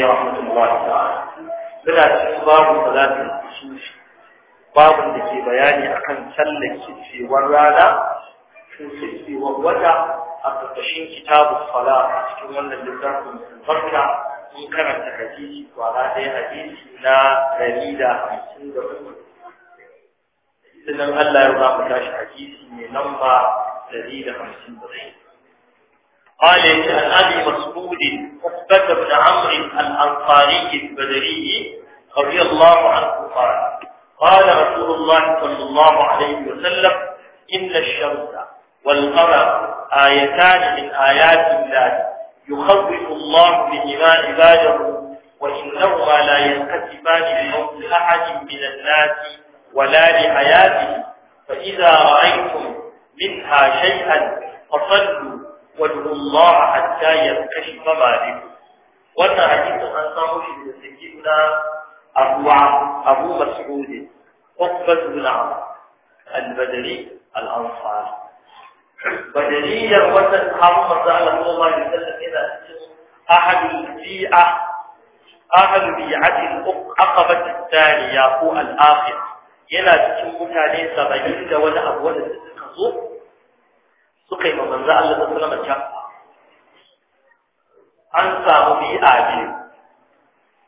ne rahmatun Allah ta Ina cikin babu da za babu da ke bayani akan kan tsallake cewar rana, tsuke cewar wata a ƙarƙashin kitabu fala a cikin wannan littafin farka in karanta hadisi kwara ɗaya hadisi na ɗari da hamsin da hudu. Sannan Allah ya zama tashi hadisi mai lamba ɗari da hamsin da ɗaya. Ƙwale ya ce al'adi masu عقبة بن عمرو الأنصاري البدري رضي الله عنه قال قال رسول الله صلى الله عليه وسلم إن الشمس والقمر آيتان من آيات الله يخوف الله بهما عباده وإنهما لا ينكسفان لموت أحد من الناس ولا لحياته فإذا رأيتم منها شيئا فصلوا وادعوا الله حتى ينكشف ما بكم wannan hadisin an samu shi da sakina abu abu mas'ud uqbat bin amr al-badri al-ansar wannan sahabu manzo Allah sallallahu alaihi wasallam yana cikin ahadul bi'a ahadul bi'ati al al-thaniya ko al-akhir yana cikin mutane 70 da wani abu wanda suka zo suka yi manzo Allah sallallahu alaihi wasallam an samu bi'a biyu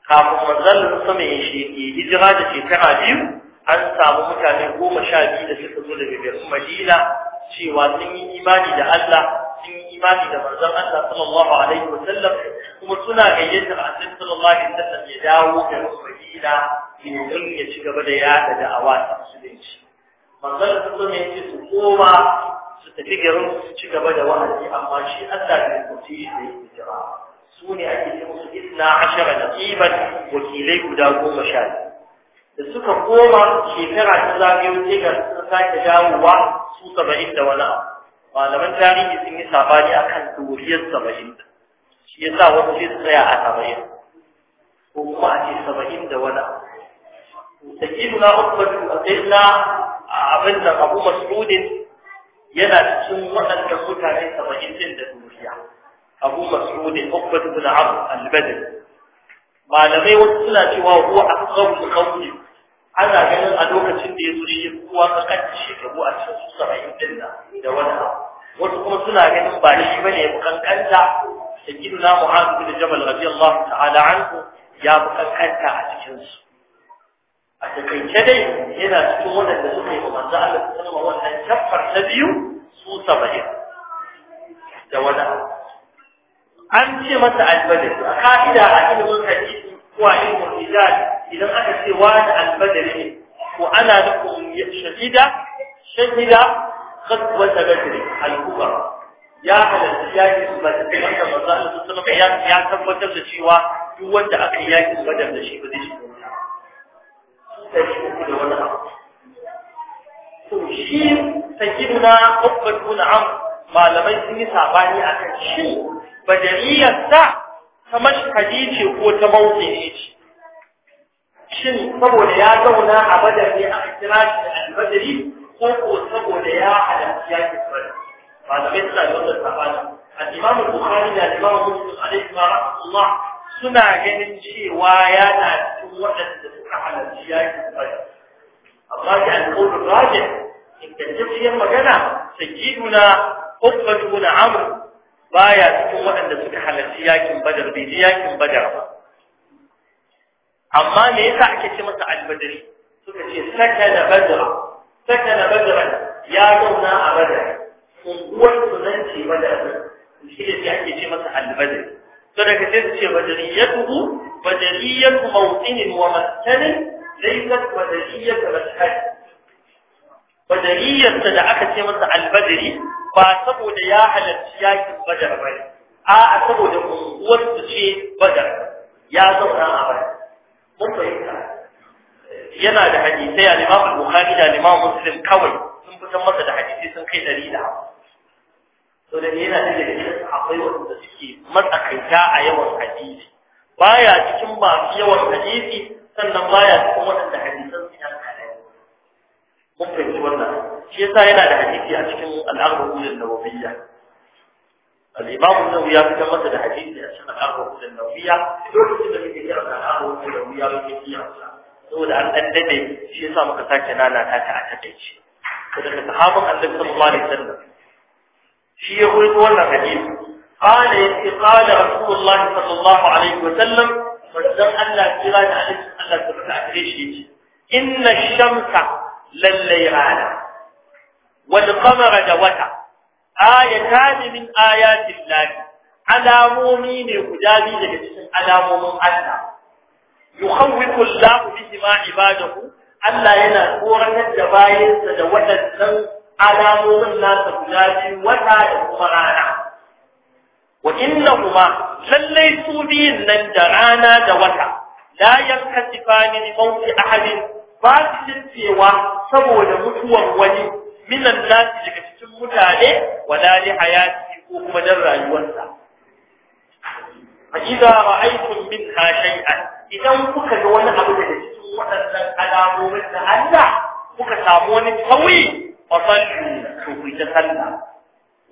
kafin manzalin sama ya shege hijira da shekara biyu an samu mutane goma sha biyu da suka zo daga birnin madina cewa sun yi imani da Allah sun yi imani da manzon Allah sallallahu alaihi wa sallam kuma suna gayyatar annabi sallallahu alaihi wa sallam ya dawo da madina domin ya ci gaba da yada da da'awa ta musulunci manzon sallallahu alaihi wa su koma su tafi garin su ci gaba da wa'azi amma shi Allah ne mutum da ya hijira su ne ake ce musu isna ashara nasiban wakilai guda goma sha da suka koma shekara ta zagayo sai ga sun sake dawowa su saba'in da wani abu malaman tarihi sun yi sabani akan doriyar saba'in shi ya sa wasu sai tsaya a saba'in ko kuma a ce saba'in da wani abu sakiru na ukubatu a sai na abin da abu mas'udin yana cikin waɗanda mutane saba'in din da duniya abu mas'ud uqbat ibn amr al-badr malamai wasu suna cewa ko huwa aqrabu qawli ana ganin a lokacin da ya yazo shi kuwa kakanci shekaru a cikin saba'in din nan da wani abu wasu kuma suna ganin ba shi bane da kankanta sayyiduna mu'adh bin jabal radiyallahu ta'ala anhu ya mu kankanta a cikin su a takaice dai yana cikin waɗanda suka yi wa manzo Allah sallallahu alaihi wannan kafar ta biyu su saba'in da wani abu an ce masa albadar. a ka'ida a ilimin hadisi ko a ilimin idan aka ce na albadar ne ko ana nufin shahida shahida khaswa ta badri al ya halarci yaki su badar wanda manzo Allah sallallahu alaihi ya tabbatar da cewa duk wanda aka yaki su badar da shi ba zai shiga wuta sai shi da wani abu shi sayyiduna ubbatu na'am malamai sun yi sabani akan shi badariyarsa ta mashhadi ce ko ta mawuƙi ce shin saboda ya zauna a badar ne a kira shi da albadari ko ko saboda ya halarci ya ke bada ba da mai suna da wannan sabani al-imam bukhari da al-imam muslim alaihi wa rahmatullah suna ganin cewa yana cikin waɗanda suka halarci ya ke bada amma da al-qawl rajih inda tafiyar magana sayyiduna ubbatu bin amr baya cikin waɗanda suka halarci yakin badar bai ji yakin badar ba amma me yasa ake ce masa albadari suka ce saka da badra saka da badra ya zauna a badar unguwar sunan ce badar shi ne ake ce masa albadari to daga sai su ce ya badariyatu mawtinin wa maskanin laysat badariyatu maskanin badariyarsa da aka ce masa albadari ba saboda ya halarci yakin badar ba a'a saboda unguwarsu ce badar ya zauna a badar mun fahimta yana da hadisai a limam bukhari da limam muslim kawai sun fitan masa da hadisai sun kai ɗari da to da yana da cikin akwai wanda suke matsakaita a yawan hadisi baya cikin masu yawan hadisi sannan baya cikin waɗanda hadisan su yan kaɗan mun fahimci wannan shi yasa yana da hadisi a cikin al'arbaun an-nawawiyya al-imam an-nawawi ya fitar masa da hadisi a cikin al'arbaun an-nawawiyya lokacin da muke kira al'arbaun an-nawawiyya muke kira sa saboda an dan dade shi yasa muka sake lalata ta a takeice daga sahabban annabi sallallahu alaihi wasallam shi ya koyi wannan hadisi قال قال رسول الله صلى الله عليه وسلم فدان الله تعالى عليه الله تبارك وتعالى إن الشمس lallai rana Wani kamara da wata ayatan min aya lahi alamomi ne guda biyu daga cikin alamomin Allah yukhawwifu Allahu bihi ma ibadahu Allah yana koratar da bayansa da waɗannan alamomin nasa guda biyu wata da kuma rana wa kuma lallai su biyun nan da rana da wata la yankasifani li mawti ahadin ba su saboda mutuwan wani minan nasi daga cikin mutane wala li hayati ko kuma dan rayuwarsa A idza ra'aytum minha shay'an idan kuka ga wani abu daga cikin wadannan alamomin da Allah kuka samu wani tawi fa sallu to ku ta sallah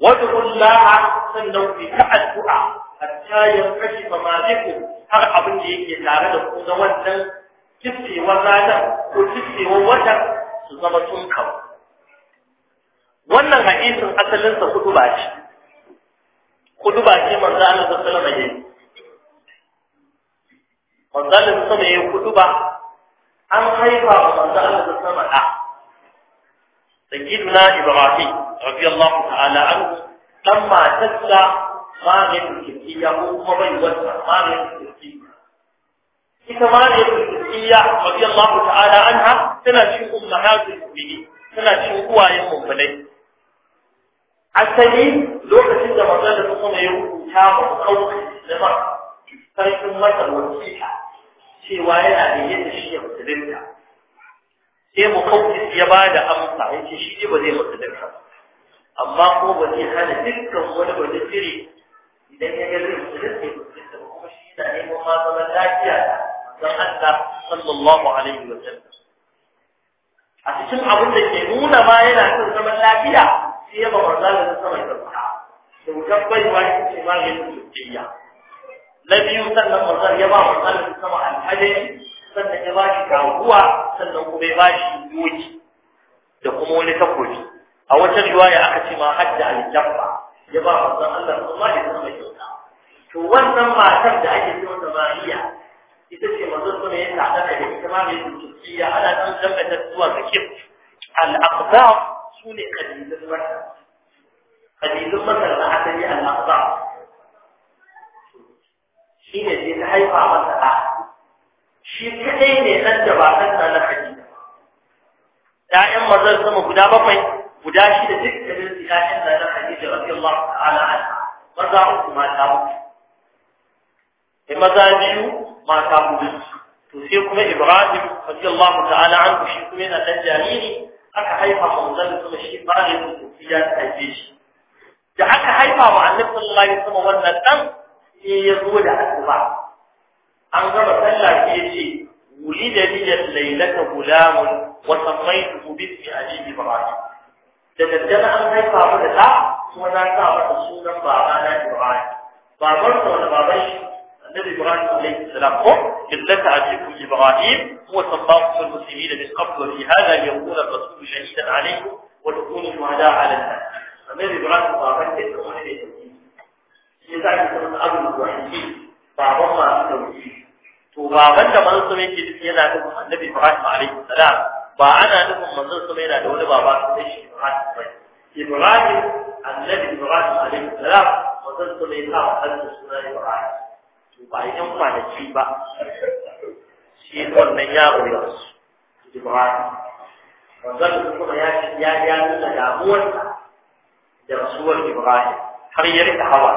wa dhullaha sannan fi ta'addu'a addu'a hatta yankashifa ma bikum har abin da yake tare da ku na wannan kifi ranar ko kifi watan su zama tun kama wannan hadisin asalinsa hudu ba ce hudu ba ce manzo Allah sallallahu alaihi wasallam manzo Allah sama yayin hudu ba an haifa wa manzo Allah sallallahu alaihi wasallam sayyidina Ibrahim radiyallahu ta'ala anhu lamma tassa ya kiyamu kuma bai wasa magin kiyamu ita ma ne iya radiyallahu ta'ala anha tana cin cikin ummahatul mu'minin tana cikin uwayen mu'minai asali lokacin da manzon da kuma ya rubuta ma kaukai da ma sarkin masa wasiƙa cewa yana da yadda shi ya musulunta sai mu kaukai ya ba da amsa ya ce shi ba zai musulunta amma ko ba zai hana dukkan wani wani idan ya yi ga zai ba kuma shi yana neman ma zaman lafiya don Allah sallallahu alaihi wa sallam a cikin abin da ke nuna ma yana son zaman lafiya sai ya ba manzala da sama da ba da wutar baiwa ita ce maganin zuciya na biyu sannan manzal ya ba manzala da sama alhajari sannan ya ba shi kaguwa sannan kuma ya ba shi doki da kuma wani takobi a wata riwaya aka ce ma hadda al-jabba ya ba manzon Allah sallallahu alaihi wa sallam kyauta to wannan matar da ake cewa Mariya ita ce manzo kuma ya tsada daga ita ma mai tukiya ana dan dangata zuwa ga kif al-aqda sune qadidun masar qadidun masar da asali al shi ne zai ta haifa masa a shi kadai ne dan da ba san sa na khadija ya'yan manzon sama guda bakwai guda shida da su ya'yan da na khadija radiyallahu ta'ala anha maza uku mata uku maza biyu mata hudu to sai kuma Ibrahim radiyallahu ta'ala anhu shi kuma yana dan jariri aka haifa manzon kuma shi Ibrahim ya haife shi da aka haifa wa Annabi sallallahu alaihi wasallam wannan dan sai ya zo da asuba an gama sallah sai ya ce wulida liya laylata gulamun wa sammaytuhu bi ismi abi Ibrahim da daddana an haifa mu da ta kuma na sa masa sunan babana Ibrahim babar sa wani baban shi النبي إبراهيم عليه السلام قم إلا تعجبه إبراهيم هو صداق المسلمين من قبل وفي هذا يقول الرسول شهيدا عليكم وتكونوا شهداء على الناس النبي إبراهيم صاحب كده وحده يزعل من أبو الوحيد بابا التوحيد to baban da manzon sama yake nufi yana nufin annabi Ibrahim alaihi salam ba ana nufin manzon sama yana da wani baba sai shi Ibrahim ba Ibrahim annabi Ibrahim alaihi salam manzon sama yana da suna Ibrahim ba yan kwanaki ba shi wannan ya ya rasu Ibrahim wannan kuma ya ya ya nuna damuwar da rasuwar Ibrahim har ya rika hawa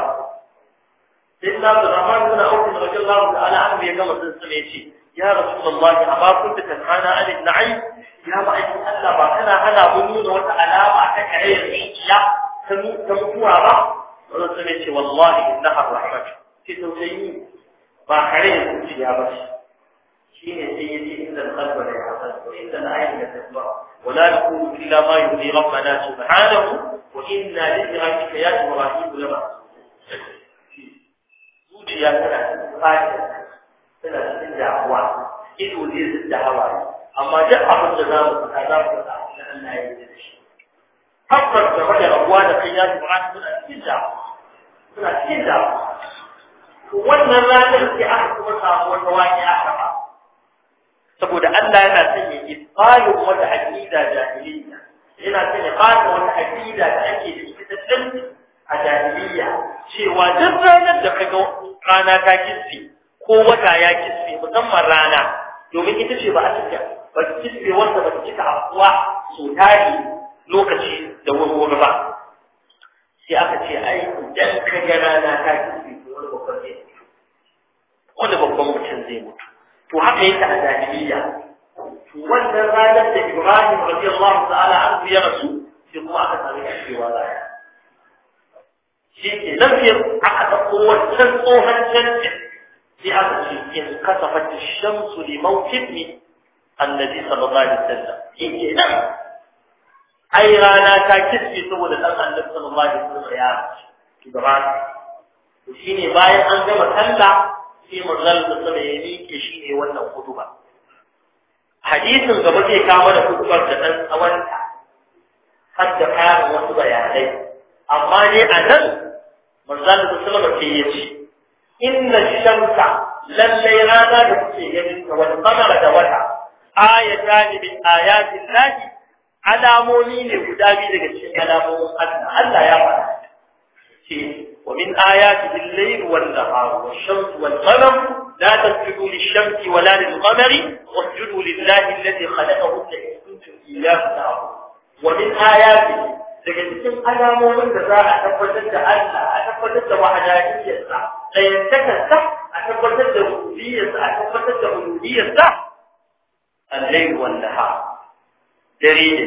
sai na da zaman da auki da radiyallahu ta'ala an bai gama sun sune ce ya rasulullah amma kunta tanhana anil na'i ya ba aiki Allah ba kana hana mu nuna wata alama ta kare zuciya ta mutuwa ba wannan sun ce wallahi innaha rahmatu في النوتين باخرين في يابش شيء سيدي إن القلب لا يعقل وإن العين لا تسمع ولا نقول إلا ما يرضي ربنا سبحانه وإنا لذرائك يا إبراهيم لما zuciya tana cikin fata tana cikin damuwa ido ne zai da hawaye amma duk abin da za mu faɗa za mu faɗa da Allah ya yi da shi tabbas da wani rabuwa da kai ya tubara suna cikin damuwa suna cikin damuwa wannan ranar sai aka kuma samu wata wani a saboda Allah yana sanya ifalin wata aqida jahiliyya yana sanya fata wata aqida da ake da ita dan a jahiliyya cewa duk ranar da kaga rana ta kisfe ko wata ya kisfe musamman rana domin ita ce ba a cika ba kisfe wanda ba cika afuwa so tari lokaci da wurwuri ba sai aka ce ai idan ka ga rana ta kisfe wani babban wani babban mutum zai mutu to haka yake a zahiriya wannan ranar da Ibrahim radiyallahu ta'ala an ya rasu sai kuma aka sami cewa raya shi ke nan sai aka dauko wancan tsohon canji sai aka ce in kasafat ash-shamsu li mawqifi annabi sallallahu alaihi wasallam shi ke nan ai rana ta kiske saboda dan annabi sallallahu alaihi wasallam ya Ibrahim shi ne bayan an gama sallah sai manzal da sama ya miƙe shi ne wannan kutuba hadisin gaba zai kama da kutubar da ɗan tsawonta, har da kayan wasu bayanai amma ne a nan manzal da sama sai ya ce inna shamsa lallai rana da kuke ganin ta wani kamara da wata ayata ne min ayatin lahi alamomi ne guda biyu daga cikin alamomin Allah Allah ya faɗa ce ومن آياته الليل والنهار والشمس والقمر لا تسجدوا للشمس ولا للقمر واسجدوا لله الذي خلقه إن كنتم إياه ومن آياته daga cikin alamomin da za a tabbatar da Allah a tabbatar da wahadaniyarsa ɗayantakarsa a tabbatar da rububiyarsa a tabbatar da uluhiyarsa allai wanda dare ne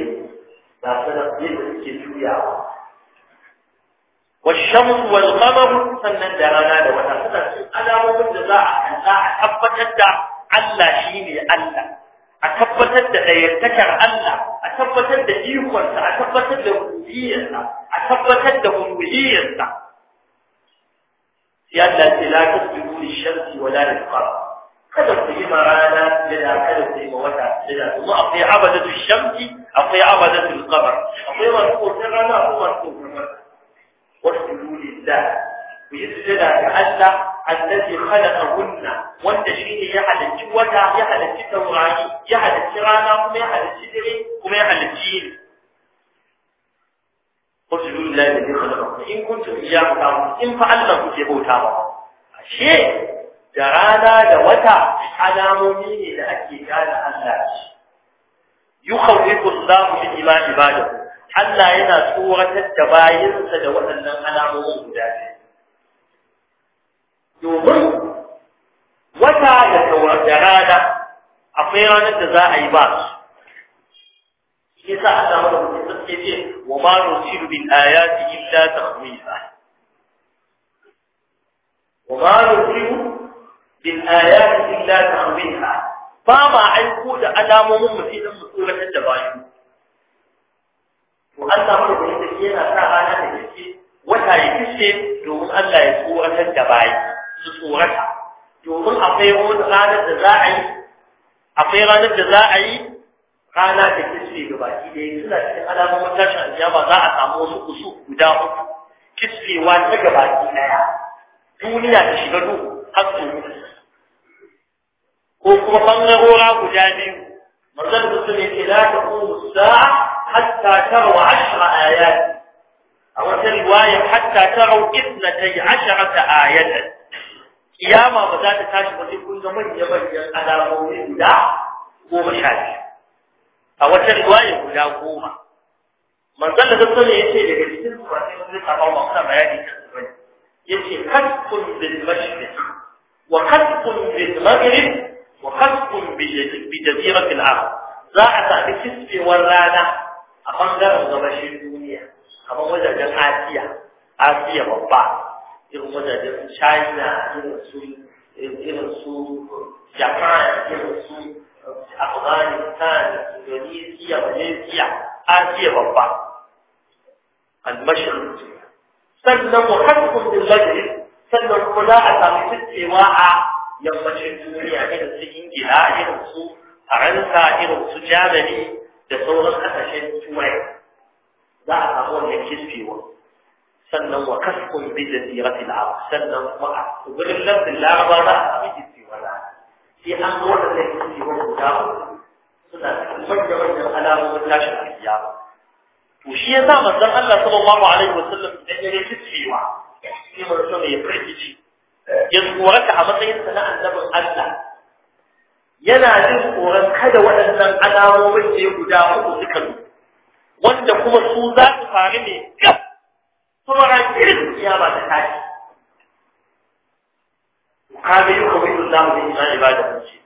ba sanar yadda suke juyawa والشمس والقمر فمن درانا لو تفتت ادا الله شيني الله اتثبتت ده يذكر الله اتثبتت ده يكون اتثبتت ده وجيه اتثبتت ده وجيه يا الذي لا تكتب الشمس ولا القمر قد تجمع على لا كلمه موتا لا الله في عبده الشمس او في عبده القمر او ما هو ترى لا هو مرتبه Kuyi su ta daɗi a Allah, a lallai kala a Wanda shi ya halarci wata, ya halarci taurari, ya halarci rana, kuma ya halarci dare, kuma ya halarci Da rana da wata, alamomi ne da ake da a Allah. Yi za ku bi hima Allah yana tsoratar da bayinsa da waɗannan alamomin guda domin wata da da rana akwai ranar da za a yi ba su shi sa Allah da mutum suke ce wa ma nusiru Ɗaya, ayati illa tahwifa wa ma nusiru bil ayati illa tahwifa ba ma aiko da alamomin mutum mu tsoratar da bayinsa Allah mu da yake yana sa rana da yake wata ya kishe domin Allah ya tsoratar da bayi su tsorata domin akwai wani ranar da za a yi akwai ranar da za a yi rana da kishe da baki da yake suna cikin alamomin tashin aljama za a samu wasu kusu guda uku kishewa ta gabaki daya duniya da shiga duhu har ko kuma bangarora guda biyu mazan mutum yake la taqumu as-sa'a حتى تروا عشر آيات أو رواية حتى تروا إثنتي عشرة آيات قيامة وذات تاشي وتكون من يبقى على مولين لا قوم شاش أو رواية لا قوم من ذل ذلك يشي لكي تلك وتكون ذلك أو مقصة بياني يشي خسق بالمشفق وخسق بالمغرب وخسق بجزيرة العرب za a sami kisfewar a ɓangaren gabashin duniya kamar wajajen asiya asiya babba irin wajajen china irin su irin su japan irin su afghanistan indonesia malaysia asiya babba almashirin sannan hankun bin majalis, sannan kuma za a samu tattewa a yammacin duniya irin su ingila irin su faransa irin su germany da sauran kasashen turai za a samu wannan kisfewa sannan wa kasfun bi jazirati al-arab sannan kuma a gurin lafin laraba za a samu kisfewa da sai an zo wannan kisfewa guda suna cikin manya-manyan alamomin tashin kiyama to shi ya sa manzon Allah sallallahu alaihi wasallam idan ya rike kisfewa sai manzon ya firgici ya tsorata a matsayin sana'an annabin Allah yana jin tsoron kada waɗannan alamomin da ya guda uku suka zo wanda kuma su za su faru ne gab ran irin ba ta tashi kaga yi kuma yin zamu da iman ibada ce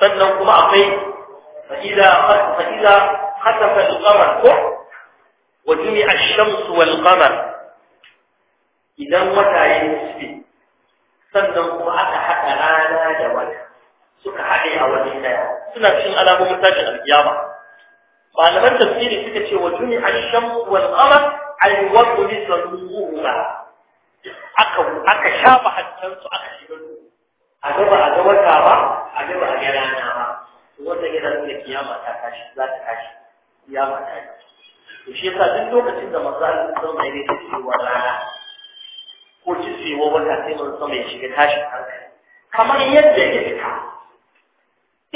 sannan kuma akwai fa'ida fa'ida khatafa al ko wa ne ash-shams wal qamar idan wata ya nisbi sannan kuma aka haɗa rana da wata suka haɗe a wani ɗaya. suna cikin alamomin tashin alkiyama malaman tafsiri suka ce wa juni ash-shams wal qamar al wadu li sanuha aka aka shafa hantan su aka shiga a gaba a gaba ka ba a gaba a gara na ba wanda yana nuna kiyama ta tashi za ta tashi kiyama ta tashi to shi yasa duk lokacin da manzo Allah sallallahu alaihi wasallam ya ce wa rana ko kishewa wata sai manzo ya shiga tashi hankali kamar yadda iska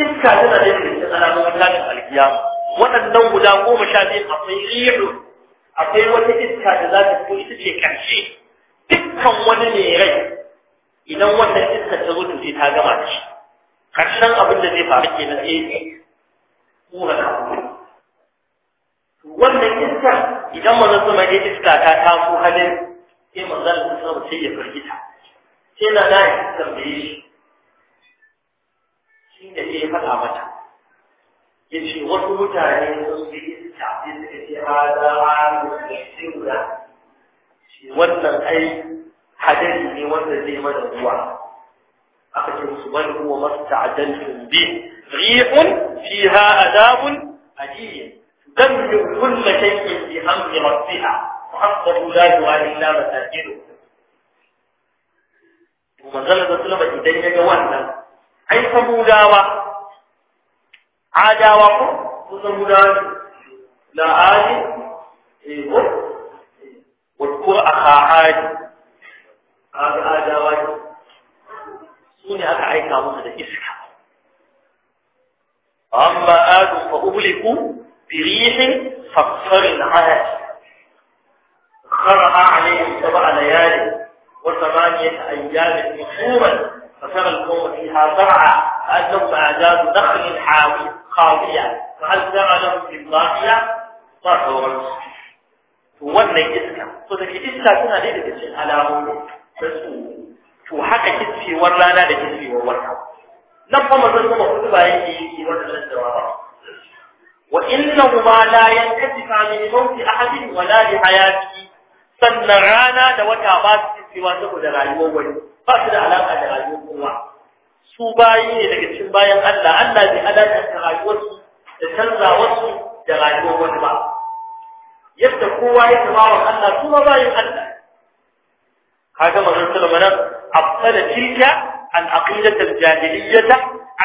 iska tana da yake cikin alamomin lafiyar alkiya waɗannan guda goma sha biyu akwai rihu akwai wata iska da za ta fito ita ce ƙarshe dukkan wani mai rai idan wannan iska ta mutu sai ta gama da shi ƙarshen abin da zai faru ke na tsaye kura na wannan iska idan mazan sama ne iska ta taso halin sai mazan sama sai ya firgita sai na na ya tambaye shi ya faɗa mata ya ce wasu mutane sun bi iska sai suka ce hada hannu da sirra wannan ai hadari ne wanda zai mana ruwa aka ce musu bal huwa masta'ajaltum bi rihun fiha adabun alim تدمر كل شيء بأمر ربها وحقه لا يوالي إلا مساجده ومن ظل ذلك idan ya ga wannan ai samudawa عداوة تسمونان لا عاد إيه، واذكر أخا عاد هذا عداوة سوني أكا عيكا مصد إسكا أما آد فأهلكوا بريح صفر عاد خرع عليهم سبع ليالي وثمانية أيام نحورا فترى القوم فيها زرعا كأنهم أعداد نخل حاوي خاضية فهزر لهم بالضاقية ضرورا wannan iska so da ke iska tana da daga cikin alamomi da su to haka kitfewar rana da kitfewar wata nan fa manzon sama kudu ba yake yi wannan jawaba wa innahuma la yantafa min mawti ahadin wa la li hayati sannan rana da wata ba su kitfewa saboda rayuwar wani ba su da alaka da rayuwar kowa su bayi ne daga cikin bayan Allah, Allah ne alaƙa da rayuwarsu da canza da rayuwar wani ba. Yadda kowa ya zama wa Allah su ma bayin Allah. Ka ga magana da mana abu da tilka an aqida ta jahiliyya ta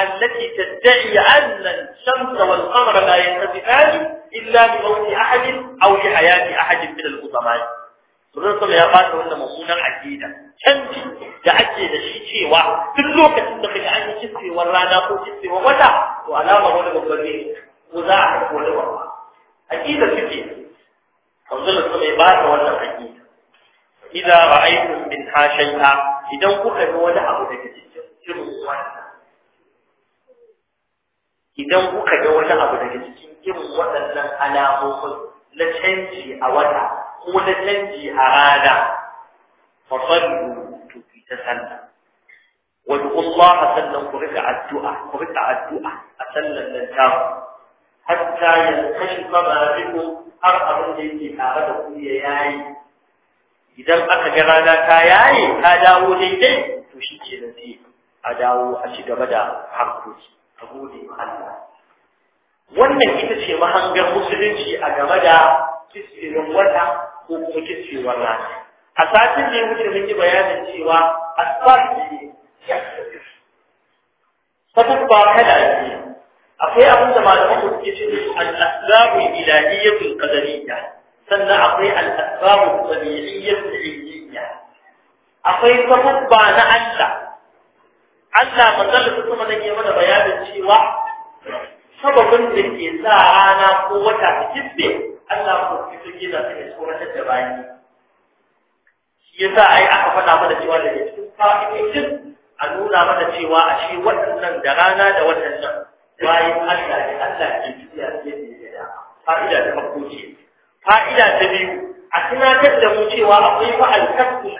allati tad'i anna ash-shams wa al-qamar la yantafi'an illa bi mawt ahad aw bi hayat ahad min al-qutama. Sunan sallallahu alaihi wa sallam wannan mabunan aqida. Canji da ake da shi cewa duk lokacin da kaga an yi kitsewar rana ko kitsewar wata to alama wani babban ne ko za a haifi wani babba aqida suke kanzu da sume ba ta wannan aqida idan ra'aytum min hashayta idan kuka ga wani abu da kike cikin wannan idan kuka ga wani abu daga cikin irin waɗannan alamomin na canji a wata ko na canji a rana fasallu to ki ta sallah وادعوا الله سلم قرئ addu'a a الدعاء سلم Harta حتى ينكشف ما بكم har abin da yake tare da ku ya yayi idan aka ga rana ta yayi ta dawo daidai to shi ke da sai a dawo a ci gaba da harkoki a gode wannan ita ce mahangar musulunci a game da kisfirin wata ko kuma kisfewar rana a satin da ya wuce mun yi bayanin cewa asfar ne sabubba kada ne akwai abin da malaman ku suke cewa al-asbabu ilahiyyatul qadariyya sannan akwai al-asbabu tabi'iyyatul ilmiyya akwai sabubba na Allah Allah manzalin kuma zan yi mana bayanin cewa sababin da ke sa rana ko wata ta kibbe Allah ko kike gida ta tsoratar da shi ai aka faɗa mana cewa da cikin a nuna mata cewa a shi waɗannan da rana da nan. bayan Allah ne Allah ke tafiya ce da ya fa'ida ta farko ce fa'ida ta biyu a tunatar da mu cewa akwai fa al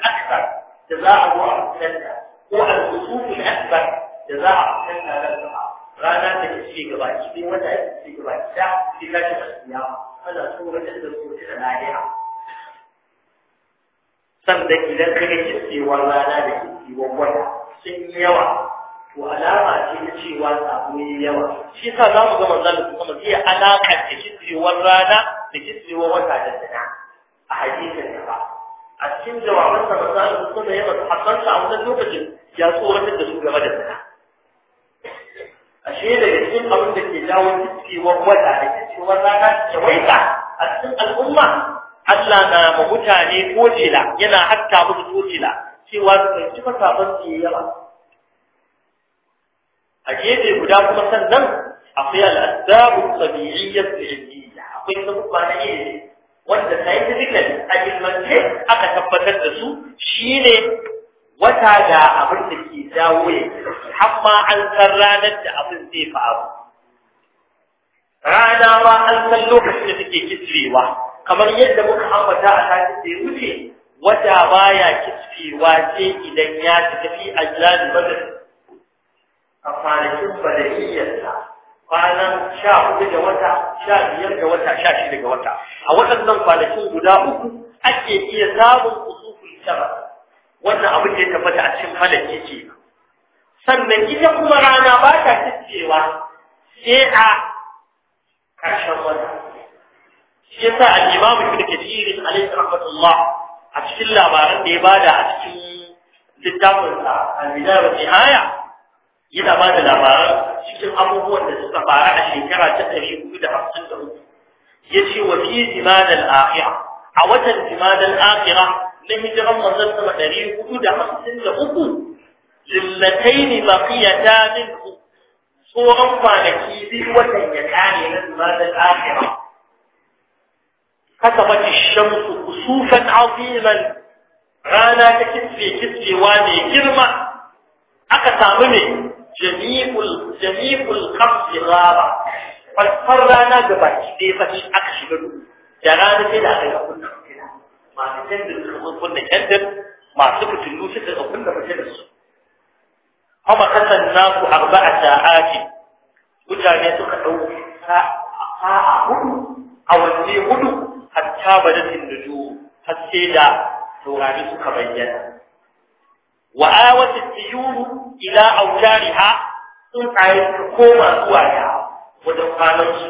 akbar da za a zo a fitar ko al-usuful akbar da za a fitar da rana rana da ke ci gaba ki wata ake ci gaba ki da ki ka ci kasiya ana so wajen da su ta lahiya sannan idan kake cewa rana da ke ciwon wata sun yawa to alama ce ta cewa sabo yi yawa shi sa za mu ga manzon kuma alaƙa da kitsewar rana da kitsewar wata da zina a hadisin da ba a cikin jawaban sa manzon kuma ya ba hakkan sa a wannan lokacin ya tsoratar da su game da zina ashe da cikin abin da ke jawo kitsewar wata da kitsewar rana da waita a cikin al'umma Allah na ma mutane kojela yana hatta musu kojela cewa da fahimci fa sabon su yi yawa a gefe guda kuma sannan akwai al'adabu tabi'iyyar da yi akwai sabubba na yi wanda scientifical a ilmance aka tabbatar da su shine wata ga abin da ke jawo ya hamma an san ranar da abin zai faru rana ma an san lokacin da take kitrewa kamar yadda muka ambata a satin da ya wuce wata baya kitfi wace idan ya tafi a jilani badar a kwanakin badariyarsa kwanan sha hudu da wata sha biyar da wata sha shida ga wata a waɗannan kwanakin guda uku ake iya samun usufin shara wannan abu ne ya tabbata a cikin falaki ke sannan ita kuma rana ba ta kitfewa sai a ƙarshen wata shi yasa al-imamu ibn kathir alayhi rahmatullah a cikin labaran da ya bada a cikin littafinsa al-bidaya wa nihaya yana ba da labaran cikin abubuwan da suka fara a shekara ta ɗari hudu da hamsin da hudu ya ce wa fi jimadal akhira a watan jimadal akhira na hijiran manzon sama ɗari hudu da hamsin da uku jillataini baqiyata min tsoron kwanaki biyu watan ya kare na jimadal akhira خطبت الشمس كسوفا عظيما رانا كتفي كتفي وادي كرمة أكتا مني جميع, جميع القفص غابة فالفرانا قبت كيفة أكشبه جرانا كده أخيرا كنا ما نتندل كنا كنا كنا ما أربع ساعات وجانيتك أول ساعة ساعة أول ساعة أول ساعة hatta badatin nujum har sai da taurari suka bayyana wa awat at ila awjariha sun tsaye da koma zuwa ya wajen kwanan su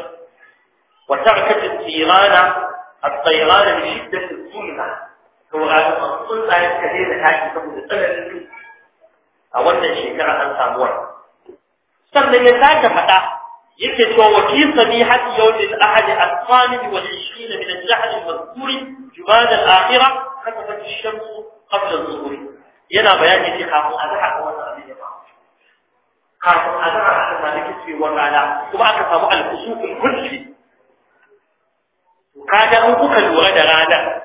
wa ta'kat at at-tirana bi shiddat al-zulma taurari sun tsaye suka daina taki saboda tsananin a wannan shekara an samu wannan sannan ya sake faɗa يكتب وكيل صبيحة يوم الأحد الثامن والعشرين من الزحل المذكور جمال الآخرة خففت الشمس قبل الظهور ينا بياني في خاف الأزحة وزعبي خاف الأزحة حتى نكتب ورعلا ثم أكفهم الكسوف الكلف وكاد أنبك الوغد غادا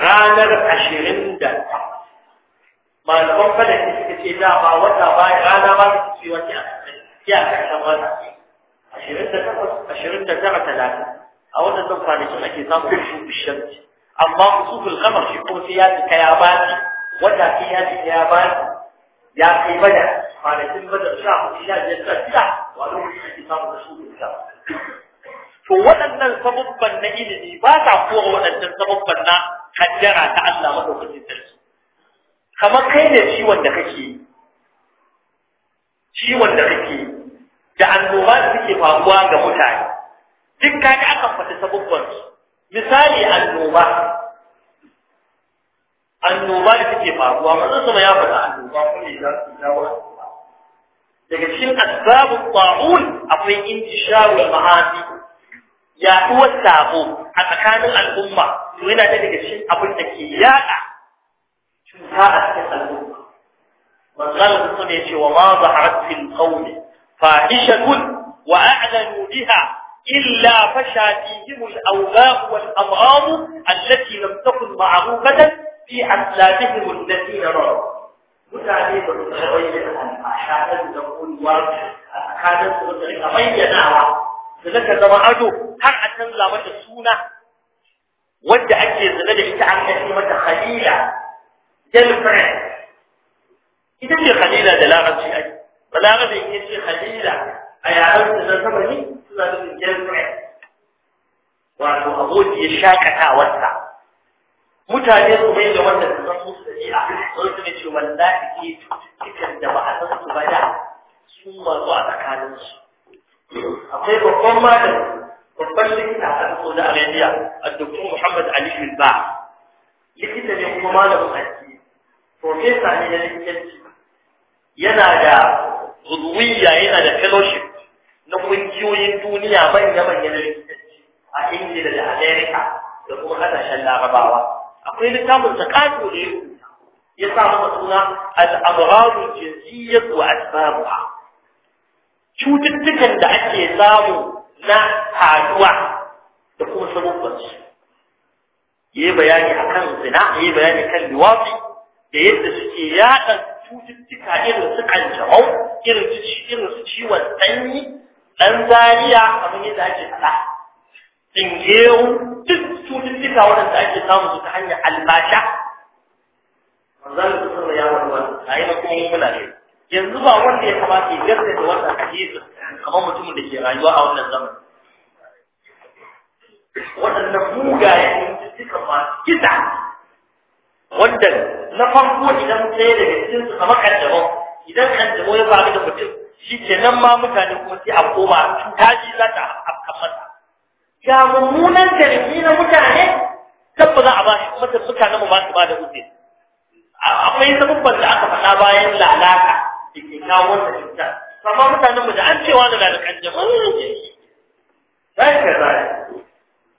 غادا عشرين دفع ما الأنفلة تتكتب إلا ما وضع باي غادا ما في في وكيان iya karshen wata da takwas ashirin a waɗannan kwanakin ake samun kusurfin shamsi amma kusurfin kamar shi kuma ya cika ya ya kai bada kwanakin bada sha hudu sha biyar sha shida wani wuri samun to waɗannan na ilimi ba sa kora waɗannan sababban na kaddara ta Allah madaukakin sarki kamar kai ne ciwon da kake ciwon da kake da annoba suke faruwa ga mutane duk kaga aka fata sabubban su misali annoba annoba da take faruwa manzon sama ya faɗa annoba ko ne za su dawo daga cikin asbabut ta'un akwai intisharul ma'asi yaɗuwar sabo a tsakanin al'umma to yana da daga cikin abin da ke yaɗa cuta a cikin al'umma manzon sama ya ce wa ma a fil qawli فاحشة وأعلنوا بها إلا فشى فيهم الأوباء والأمراض التي لم تكن معروفة في أسلامهم الذين رأوا mutane ba su taɓa bayyana alfashatar da kunuwa a tsakanin su da rika bayyanawa da zaka zama ado har a canza mata suna wadda ake zina da ita an kashe mata khalila girlfriend ita da larabci ake balaga da yake ce halila a yaran da sama ne suna da girlfriend wato aboki ya wata mutane su mai da wanda su san musu dabi'a sun su ne ce wallahi ke cikin da ba a san su ba da sun mazu a tsakanin su akwai babban malam babban likita a Saudi Arabia a Dr. Muhammad Ali bin Ba likita ne kuma malamin addini profesa ne na likitanci yana da Uduwiya yana da fellowship na ƙungiyoyin duniya manya-manya da likitanci a Ingila da Amerika da kuma kasashen Larabawa. Akwai littafin tsakato da ya rubuta ya sa masa suna al'abrarun jinsiyyar wa Cututtukan da ake samu na haduwa da kuma sabubban su. Yi bayani akan zina, yi bayani kan liwafi da yadda suke yaɗa cututtuka irin su kanjamau irin su irin su ciwon sanyi dan zariya kamar yadda ake faɗa tsingewu duk cututtuka waɗanda ake samu su ta hanyar albasha manzan da sun ya wani wani a yi na kuma muna ne yanzu ba wanda ya kamata ya garza da wannan hadisin kamar mutumin da ke rayuwa a wannan zaman. waɗannan mugayen cututtuka masu gida. wanda na farko idan ɗaya da cikin su kamar kanjamau idan kanjamau ya faru da mutum shi ke nan ma mutane kuma sai a koma cuta ji za ta afkan masa ga mummunan zargi na mutane tabba za a ba shi kuma mutanen mu ba su ba da uzuri akwai sabubban da aka faɗa bayan lalata da ke kawo wannan cuta amma mutanen mu da an cewa da lalakan jama'a ne zai ka zai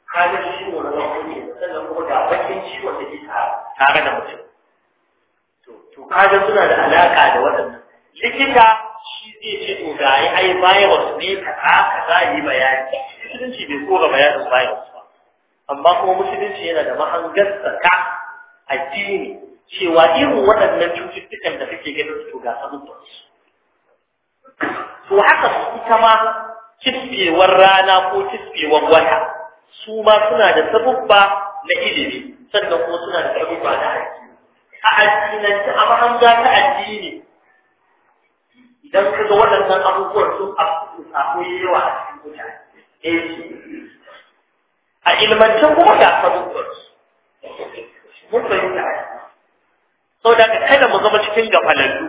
halin ciwo na wani ne sannan kuma da bakin shi da ke kawo kaga da mutum to kaga suna da alaka da waɗannan likita shi zai ce to ga yi ai virus ne ka kaza yi bayani musulunci bai kora bayanin virus ba amma kuma musulunci yana da mahangar tsaka addini cewa irin waɗannan cututtukan da kake ganin su ga sabon to haka ita ma kispewar rana ko kispewar wata su ma suna da sabubba na ilimi sannan kuma suna da sharuɗa na addini a addinance a mahanga ta addini idan ka ga waɗannan abubuwan sun yi yawa a cikin mutane eh a ilmance kuma ga abubuwan mun fahimta sau da ka kada mu zama cikin gafalallu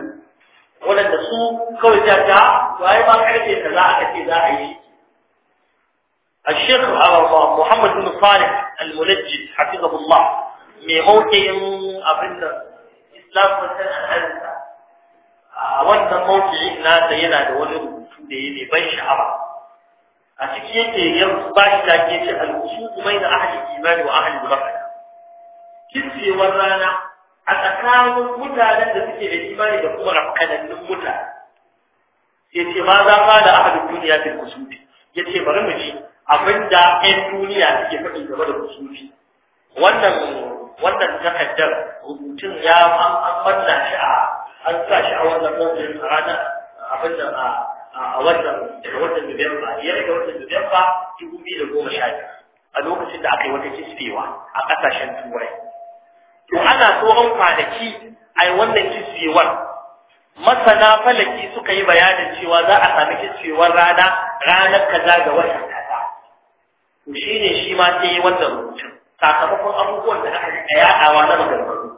waɗanda su kawai za ta waye ah, ma karfe da za a kace za a yi الشيخ محمد بن صالح المنجد حفظه الله mai maukin abin da islam wata al'arza a wannan maukin nasa yana da wani rubutu da ya mai ban sha'awa a ciki yake ya ba shi da ke ce al'usu mai da ahli imani wa ahli makana kitsewar rana a tsakanin mutanen da suke da imani da kuma rafkanannun ma za da ahli duniya fil kusuri ya ce bari mu ji abinda ɗan duniya suke faɗin gaba da musulmi wannan wannan takaddar rubutun ya an ɓanna shi a an sa shi a wannan ɓangaren a ranar abin da a wannan daga watan Nuwamba ya daga watan Nuwamba dubu biyu da goma sha biyu a lokacin da aka yi wata kisfewa a ƙasashen turai to ana an kwanaki a yi wannan kisfewar masana falaki suka yi bayanin cewa za a sami kisfewar rana ranar kaza ga wata to shine shi ma sai yi wannan rubutu sakamakon abubuwan da aka rika yaɗawa na maganganu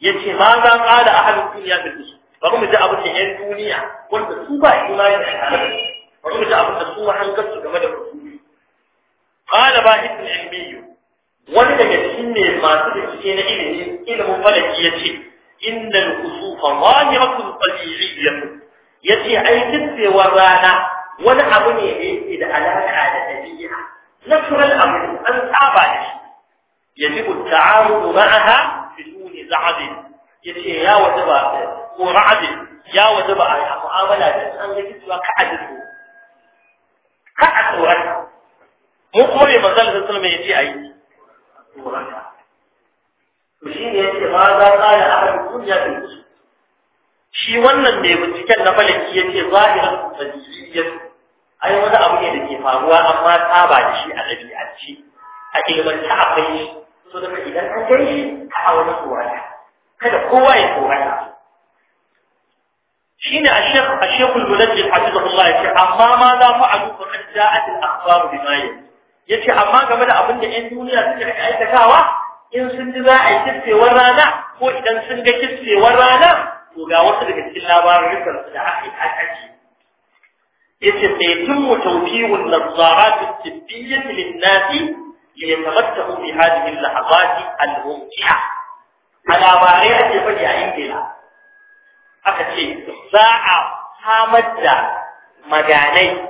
ce ma za a ahlul dunya bil usul bari mu ji abin da yan duniya wanda su ba imani da shahada bari mu ji abin da su hankalsu game da usuli qala bahith al ilmiyyu wani daga cikin ne masu da bincike na ilimi ilimin falaki ya ce inda kusufa wani rakun falili ya ya ce ai kitsewa rana wani abu ne da yake da alaƙa da ɗabi'a natural abu an saba da shi yajibu ta'arudu ma'aha bidun za'ab yace ya wajaba ko ra'ad ya wajaba a mu'amala da an ga cewa ka ajibu ka tsorata mu kuma mai manzal sallallahu alaihi wasallam yace ayi tsorata to shine yace ma za ka ya ahadu dunya bil shi wannan mai binciken na falaki yace zahiran fadiliyyah ai wani abu ne da ke faruwa amma saba da shi a ɗabi'ance a ilmanta akwai shi so daga idan an gan shi ka a wani tsorata kada kowa ya tsorata shine ashekh ashekh al-munajjid hafizahullah yace amma ma za mu a adu faqad ja'at al-akhbar bima yace amma game da abin da 'yan duniya suke aikatawa in sun ji za a yi kiftewar rana ko idan sun ga kiftewar rana to ga wasu daga cikin labarin da aka yi يتم توفير النظارات الطبية للناس ليتمتعوا بهذه اللحظات الممتعة على بارية بني عندنا أكتشي ساعة حامدة مجاني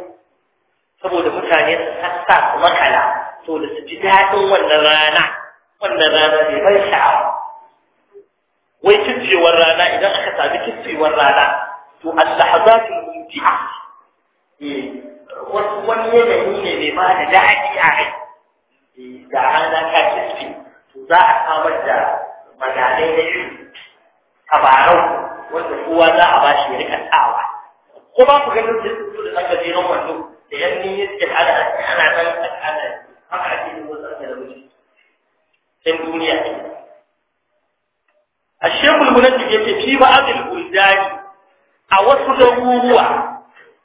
سبود مكاني سحسا مكلا سول سجداء والنرانع والنرانع في بيشعر ويكتشي والرانع إذا أكتشي والرانع تو اللحظات الممتعة Eh, wani yanayi ne mai ba da daɗi a rai da eh, rana ta kiske to za a samar da magalai na yin tabarau wanda kowa za a ba shi ya rika tsawa kuma ku ganin da su da ɗan gajeren wando da yan niyi suke da ana ɗan ƙasƙana haka ake yin wasu ake da mutu ɗan duniya ce a shekul gunan da ke ce fi ba'adul buldani a wasu garuruwa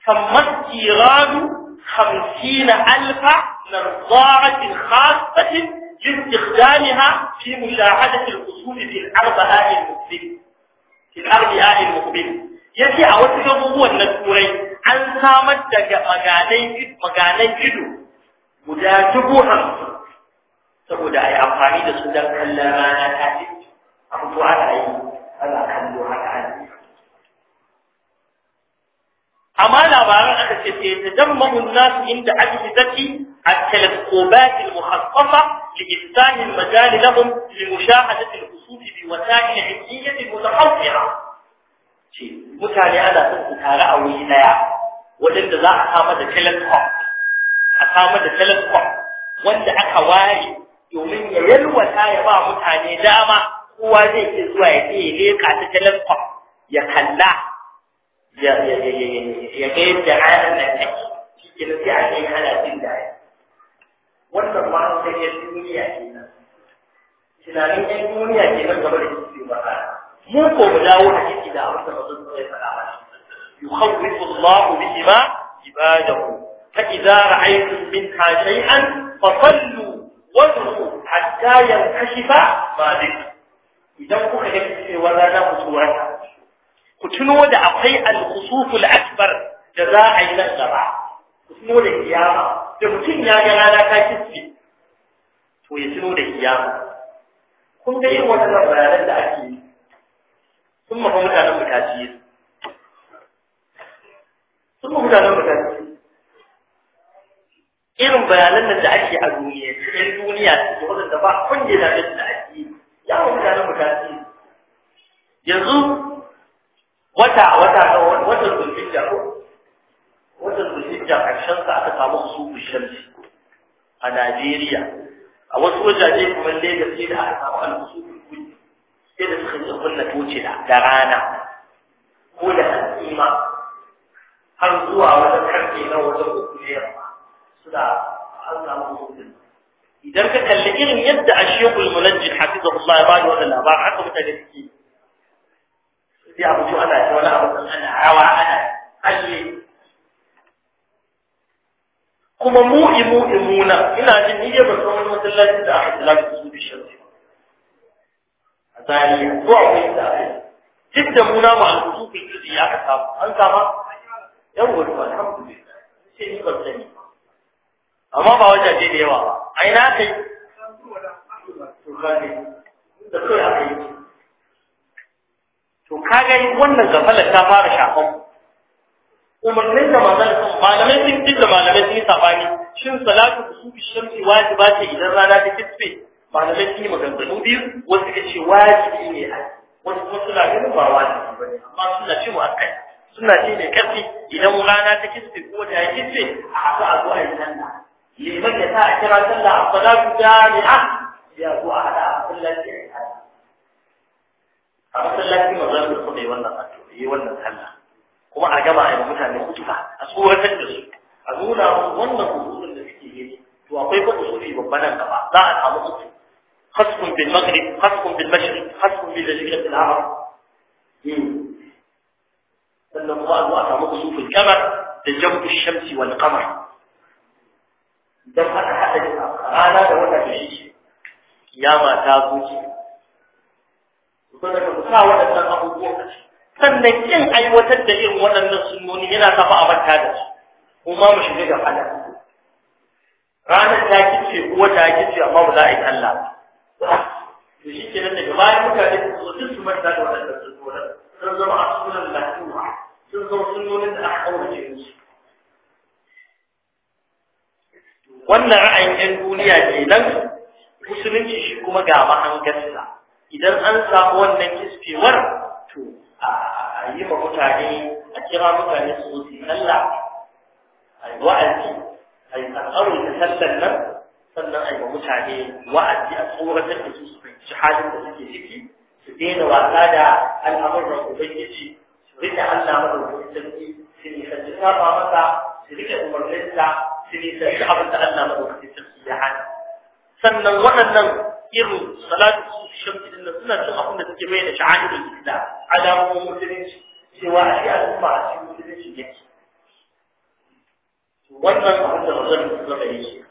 تمت إيراد خمسين ألف نرضاعة خاصة لاستخدامها في مشاهدة الأصول في الأربعاء المقبل في الأربعاء المقبل يجي أود أبوه النسوري أن سامت مجانين مجانين جدو guda dubu hamsin saboda a yi amfani da su don kallon rana ta ce abubuwa ana yi ana kallo haka hannu amma labaran aka ce sai tajammamu an-nas inda ajizati at-teleskobat al-mukhaffafa li ihsan al-majal lahum li mushahadati al bi wasa'il al-hiyyah al-mutahaffira ce mutane ana son su tare a wuri daya wadanda za a kama da telescope a kama da telescope wanda aka ware domin ya yalwata ya ba mutane dama kowa zai ke zuwa ya ke ya leka ta telescope ya kalla ya ya ya ya ya ke nan sai a kai hana jin daɗi wannan ma sai ya duniya ke nan tunanin ɗan duniya ke nan game da cikin wata mu ko mu dawo a ciki da abin da mazan ya faɗa mana yukhawwifu Allahu bihima ibadahu fa idza ra'aytum minha shay'an fasallu wad'u hatta yankashifa ma bikum idan kuka ga cewa rana ku ku tuno da akwai al-khusuful akbar da za a yi nan gaba ku tuno da kiyama da mutum ya ga rana ta kiske to ya tuno da kiyama kun ga irin wata bayanan da ake yi sun mafa mutanen mutaci sun mafa mutanen mutaci irin bayanan da ake a duniya cikin duniya su wadanda ba kun da da ake yi ya mafa mutanen mutaci yanzu wata wata wata zulhijja ko wata zulhijja karshen sa aka samu su usubu shamsi a Najeriya a wasu wajaje kamar Lagos sai da aka samu al su kulli sai da suka yi kunna toce da rana ko da kima har zuwa wata karfe na wata uku ne suna an samu usubu idan ka kalli irin yadda ashekul munajjid hafizahullah ya bada wannan labarin haka mutane suke sai a fito ana ta wani abu ana rawa ana halle kuma mu imu imuna ina jin ni dai ba san wani masallaci da aka tsala da su bishin a zariya ko akwai zariya duk da ma ba alkutu fi jiri ya ka samu an kama. yan wuri ba alhamdulillah sai ni ban sani amma ba wajen da yawa ba ai na kai to kane da kai aka yi to kaga wannan gafalar ta fara shafan umarnin da manzon malamai sun ji da malamai sun yi sabani shin salatu fi shamsi wajiba ce idan rana ta kitse malamai sun yi maganganu biyu wasu ya ce wajibi ne a wasu kuma suna ganin ba wajibi ba ne amma suna ce mu akai suna ce ne kafi idan rana ta kitse ko da ya kitse a haka a zo a yi sallah liman ya sa a kira sallah a salatu jami'a ya zo a hada a sallar jami'a a masallaci manzon da kuma yi wannan addu'a yi wannan sallah kuma a gaba a yi mutane kutuba a tsoratar da su a nuna musu wannan usulun da suke gani to akwai ba usuli babban nan gaba za a samu usul خصم بالمغرب خصم بالمشرق خصم بجزيرة العرب أن الله وأتى مقصوف الكمر لجوء الشمس والقمر دفع أحد الأخرى هذا هو الأجيش يا ما تابوتي kuma waɗannan abubuwan a ciki sannan kin aiwatar da irin waɗannan sunnoni yana kafa a barka da su kuma mu shiga da fada ranar ta kice uwa ta kice amma ba za a yi Allah to shi ke nan daga bayan mutane su zo duk su manta da waɗannan sunnonin sun zama a sunan lafiya sun zama sunnonin da aka kaurace musu wannan ra'ayin 'yan duniya ke nan musulunci shi kuma ga mahangarsa idan an samu wannan kiskewar to a yi ma mutane a kira mutane su yi sallah a yi wa'azi a yi tsarkarun da sallan nan sannan a yi ma mutane wa'azi a tsoratar da su su fahimci halin da suke ciki su daina wasa da al'amuran ubangiji su rike allah madaukakin sarki su nisanci saba masa su rike umarninsa su nisanci abin da allah madaukakin sarki ya hana sannan waɗannan irin صلاه الشمس shamsi din nan suna cin abin da suke mai da sha'ani da alamomin musulunci cewa a shi al'umma a cikin musulunci yake wannan abin da mazan zama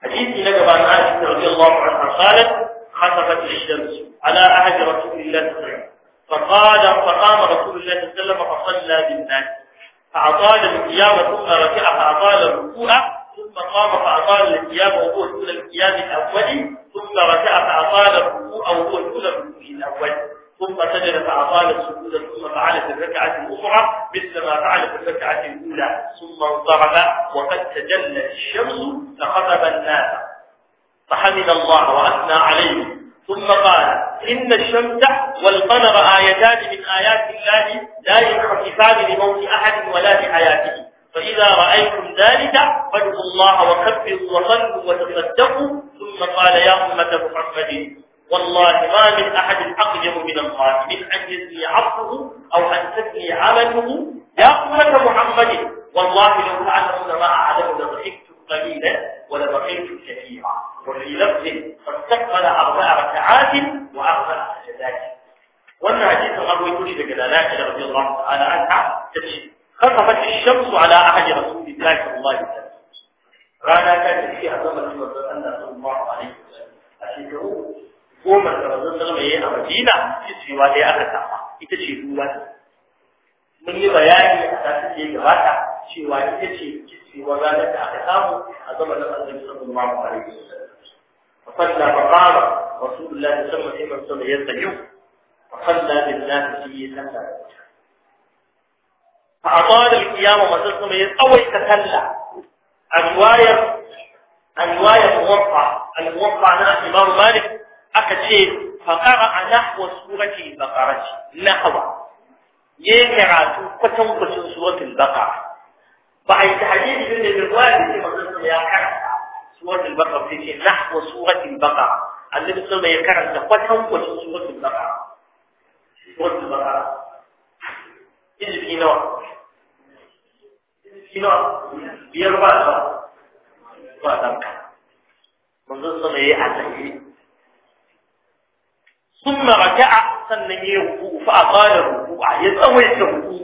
عن عائشة رضي الله عنها قالت خطبت الشمس على أهد رسول الله صلى الله عليه وسلم فقال فقام رسول الله صلى الله عليه وسلم فصلى بالناس فأطال القيامة ثم ركع فأطال الركوع ثم قام فأطال القيام وهو الأولى القيام الأول ثم ركع فأطال الركوع وهو الأولى الركوع الأول ثم سجد فأطال السجود ثم فعل في الركعة الأخرى مثل ما فعل في الركعة الأولى ثم انضرب وقد تجلت الشمس فخطب الناس فحمد الله وأثنى عليه ثم قال إن الشمس والقمر آيتان من آيات الله لا ينخففان لموت أحد ولا لحياته فإذا رأيتم ذلك فادعوا الله وكبروا وصلوا وتصدقوا ثم قال يا أمة محمد والله ما من أحد أقدر من الله من أن يزني عبده أو أن تزني عمله يا أمة محمد والله لو صلى الله عليه وسلم رانا كانت رسول الله صلى الله عليه وسلم أشهده goma da manzon a Madina cewa ita ce ruwa mun yi bayani a tsakin da gabata cewa ita ce cewa ranar da aka samu a zamanin sama sallallahu alaihi wasallam yadda yau. fa qala rasulullahi sallallahu alaihi wasallam yasayu فأطال القيامة مزلت من أول تسلع الرواية الرواية موقع الموقع أنا إمام مالك أكد شيء فقرأ نحو سورة البقرة نحو يقرأ كتن كتن سورة البقرة بعد حديث من الرواية التي مزلت يا كرة سورة البقرة في نحو سورة البقرة النبي صلى الله عليه وسلم يقرأ كتن كتن سورة البقرة سورة البقرة يجب إناء إناء بيربع بعدك منذ الصلاة عليه ثم ركع سنن يركوع فأطال الركوع يتأوي الركوع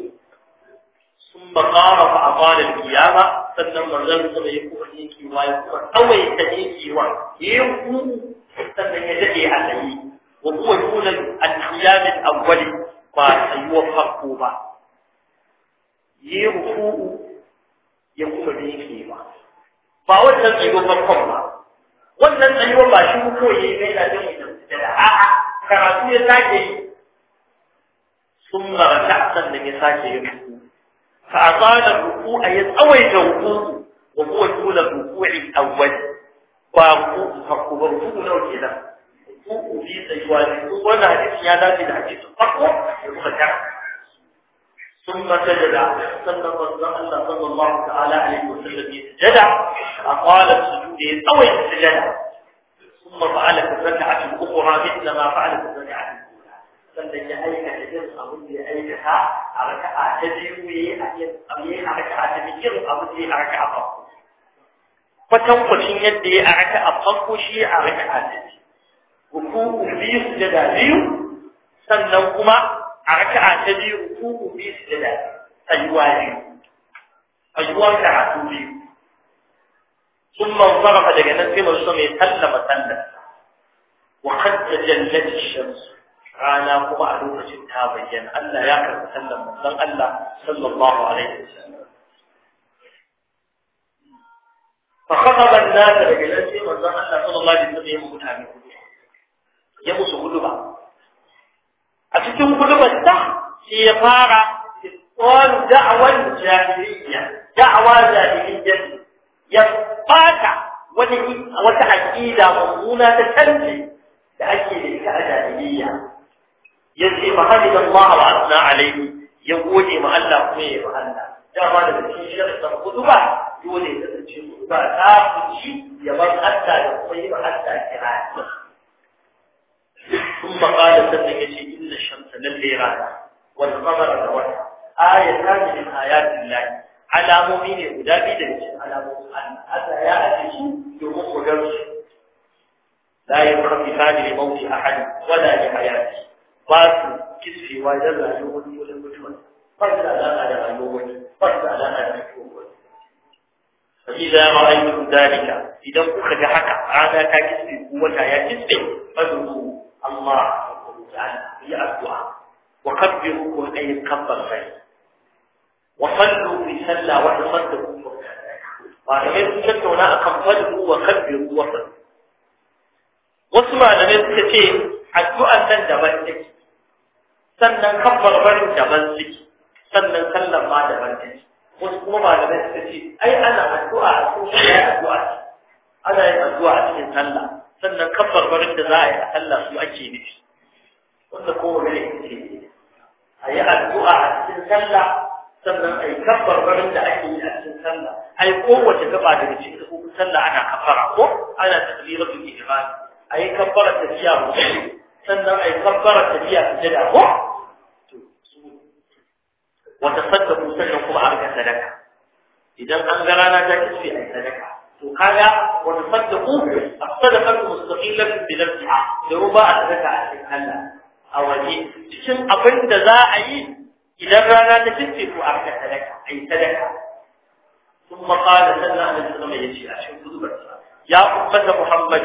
ثم قام فأطال القيامة sannan manzon sama ya kuma yake wa ya kuma kawai ta yake wa ya ku sannan ya dade a tsaye wa kuwa yunan al-qiyam al-awwal ba tsayuwa farko ba yi ruku'u ya kuma miƙe ba ba wannan ba farkon ba wannan tsayuwar ba shi ko ya yi yana jin mutum da a'a karatu ya sake yi sun san da ya sake yin ruku'u fa azala ruku'a ya da ruku'u wa huwa tula ruku'i awwal ba ku farko ba ruku'u nawa kenan ruku'u bi tsayuwa ne wannan hadisi ya dace da hadisin farko ya kuma ta. ثم سجد ثم الله صلى الله تعالى عليه وسلم يسجد فقال سجوده أو يسجد ثم فعل في الركعة الأخرى مثل ما فعل في الركعة الأولى فلن يأيك تجد أقول لي أيكها أركعة تجيوي أمين أركعة تجير أقول لي أركعة فرق يدي أركعة فرق شيء أركعة تجير وكوء في سجد بيو sannan kuma a raka'a ta biyu ruku'u bi sujada ayyuwa biyu ayyuwa karatu biyu ثم انصرف daga nan sai manzo mai sallama sallar wa qad tajallat ash-shams rana kuma a lokacin ta bayyana Allah ya karɓi sallar manzon Allah sallallahu alaihi wasallam fa khataba an-nas daga nan sai manzon Allah sallallahu alaihi wasallam ya mutane ya musu hudu ba أتتم قلوب السح في طارة تقول دعوة جاهلية دعوة جاهلية يبقى وتعجيلة وضونة تتنجي تأكيد الجاهلية يزي مخالد الله وأثنى عليه يقولي ما ألا قمي ما ألا جاما لكي شخص القدوبة يقولي لكي القدوبة شيء يبقى حتى يقصير حتى كراه ثم قال سبني كشيء inna shamsa lalle rana wal qamara da wata ayatan min ayatin lahi alamomi ne guda biyu da cikin alamomin Allah Allah ya aje su domin ku gan su la yakhafifani li mawti ahad wala li hayati ba su kisfewa da rayuwar wani wajen mutuwa ba su da alaƙa da rayuwar wani ba su da alaƙa فإذا رأيتم ذلك إذا أخذ حقا هذا كاكسب ولا يكسب فادعوا الله yi addu'a wa kabbiru ko dai kabbar sai wa sallu fi salla wa tasaddu wa ne sun tattauna akan fadu wa kabbiru wa sallu wasu malamai suka ce addu'an nan daban take sannan kabbar barin daban take sannan sallan ma daban take wasu kuma malamai ce ana addu'a a ana yin a cikin sallah sannan kabbar da za a yi a sallah su ake nufi wanda kowane ne ce a yi addu'a a cikin sallah sannan a yi kabbarbarin da ake yi a cikin sallah a yi kowace gaba daga cikin hukumar sallah ana kafara ko ana da takbiratul ihram a yi kabbara tafiya mutum sannan a yi kabbara tafiya sujada ko wata saddaku sannan kuma a ga sadaka idan an ga rana ta kici a sadaka to kaga wata saddaku a sadaka mustaqilatu bi nafsiha da ruba a sadaka a cikin Allah a waje cikin abin da za a yi idan rana ta fice to a rika sadaka a yi sadaka sun maƙala sannan da sallama ya ce a cikin zubarsa ya ummata muhammad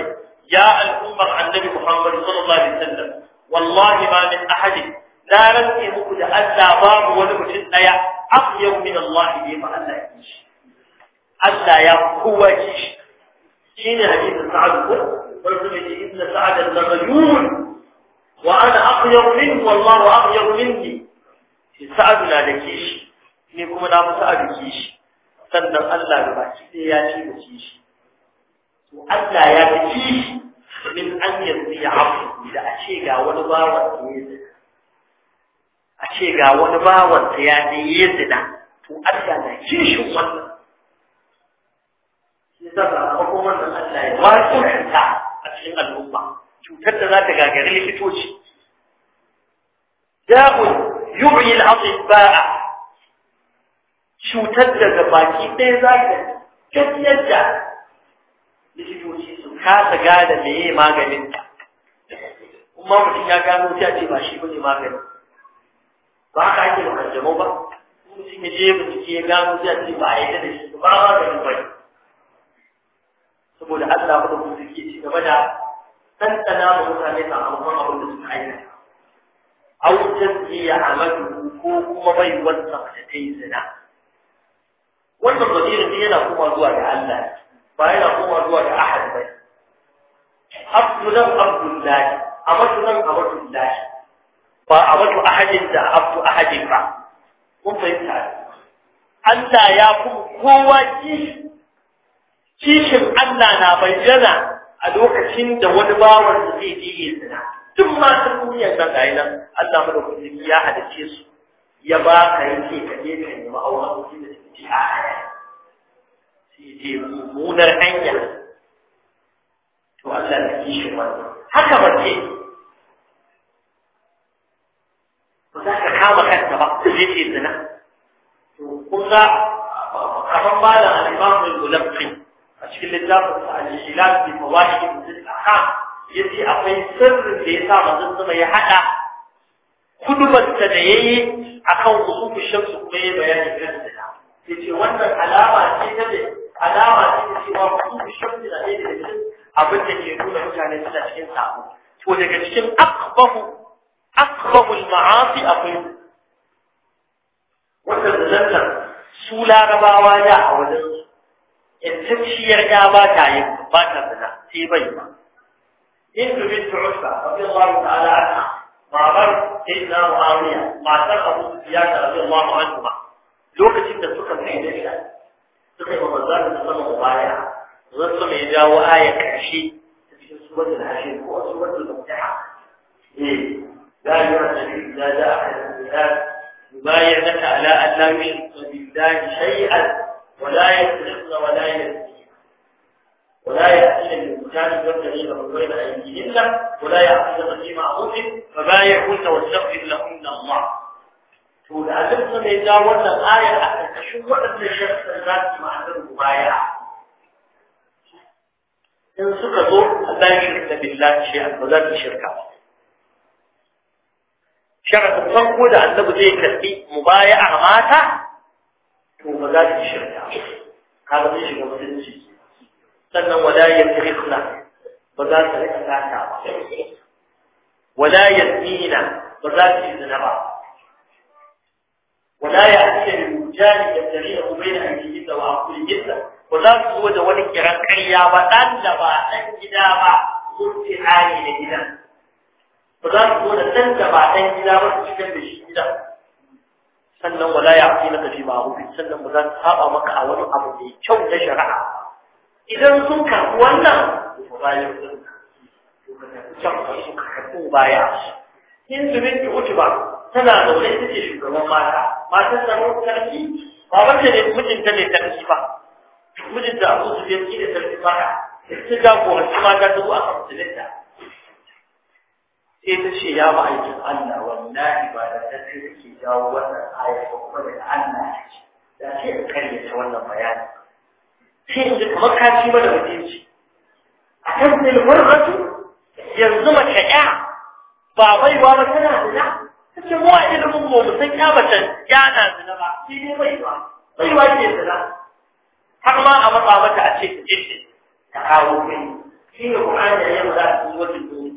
ya al'ummar annabi muhammadu sallallahu alaihi wasallam wallahi ma min ahadin Na rantsi muku da Allah babu wani mutum daya aqyam min Allah bi ma Allah ya kishi Allah ya kowa kishi shine hadisin sa'ad ko wanda yake inna sa'ad al-rajul Wa ana وأنا أقير منه والله shi sa'adu na da kishi, ni kuma na fi sa'a biki shi sannan Allah da baki sai ya ci da kishi. to Allah ya ci kishi min an yanzu ya afu da a ce ga wani bawan ta ya zina a ce ga wani bawan ta ya ne ya zina to Allah na kishin wannan shi sa ba kuma wannan Allah ya ba ta a cikin al'umma cutar da za ta gagari likitoci da'un yi al ba'a cutar da gabaki ɗaya za ta gaskiyar da likitoci su kasa gada yi maganin ta kuma mutum ya gano ta ce ba shi bane magani ba ka ake makarjamo ba mutum ya je bincike ya gano ta ce ba a yi da shi ba maganin ba saboda Allah ba da mutum ke ci gaba da tantana ba mutane sakamakon abin da suka aikata aw ya amadu ko kuma bai wanda da ta yi zina wannan zamirin ne yana kuma zuwa ga Allah ba yana kuma zuwa ga ahad ba abdulan abdullahi amadu nan Abdullahi, ba abdu ahadin da abdu ahadin ba kun fahimta Allah ya kuma kowa kishi kishin Allah na bayyana a lokacin da wani bawan da zai je ya zina duk masu miyan nan ga nan Allah madaukakin ya halice su ya ba ka yake ka je ka nemi auren da take a haya sai je munar hanya to Allah ya shi wannan haka ce ba za ka kama kanta ba zai ce zina to kun ga kafan bala al-imam al-mulaqqi a cikin littafin sa al-ilat bi a kan ahkam yace akwai sirrin da ya sa manzon sama ya hada kudubar da ya yi a kan akan usul su kuma ya yi bayani kan Ya ce wannan alama ce ta da alama ce ta cewa usul shamsu da yake da abin da ke nuna mutane suna cikin sabo to daga cikin akbahu akbahu al-ma'asi akwai wannan zannan su larabawa ya a wajen intacciyar ya ba ta yi ba ta zina sai bai ba inda bin tu'usa radiyallahu ta'ala anha babar sayyidina muawiya matar abu sufyan radiyallahu anhu ba lokacin da suka mai da shi suka yi wa manzo da sama mubaya rasul ya jawo aya karshe ta cikin suratul hashir ko suratul mutaha eh da ya rabbi da da ahadun nas yubayyanaka ala an la yushrik billahi shay'an ya ja wannan ayar a ƙarƙashin waɗannan shafin za su ma'anar baya? in suka zo a ya shirka billahi shi ba za su shirka ba sharafin farko da annabi zai karɓi baya a mata to ba za su shirka kaga mun shiga mutunci sannan wala yatrikhna ba za su rika sata ba wala yasmina ba za su yi zina ba ولا يأتي للمجال يبتغيه بين أيديهن وعقولهن ولا تزوج ولا كران كريا وأن لبا قلت حالي لكدا ولا تزوج أن لبا أن تشكل بشي sannan wala ya fi maka fi ma'rufi sannan ba za ta saba maka a wani abu mai kyau na shari'a idan sun karɓi wannan to bayan sun karɓi su karɓi baya in su bin ki utuba tana zaune take shugaban mata matan da mun sarki baban ta ne mijinta ne sarki ba mijinta abu su biyan shi da sarki ba ta jagoranci mata dubu a kamfilinta sai ta ce ya ba ma'aikin Allah wallahi ba da ta ce take jawo wannan ayar ba kuma daga Allah ta ce da ce in ta wannan bayani sai in ji kamar ka ci mana mutunci a kan sai silmar yanzu mace ya ba baiwa ba tana da kace mu a ilimin mu mu san ya ya na zina ba shi ne bai ba bai ba ke zina har ma a matsa mata a ce ta je ta kawo kai shi ne Qur'ani ya yi za a yi wannan dole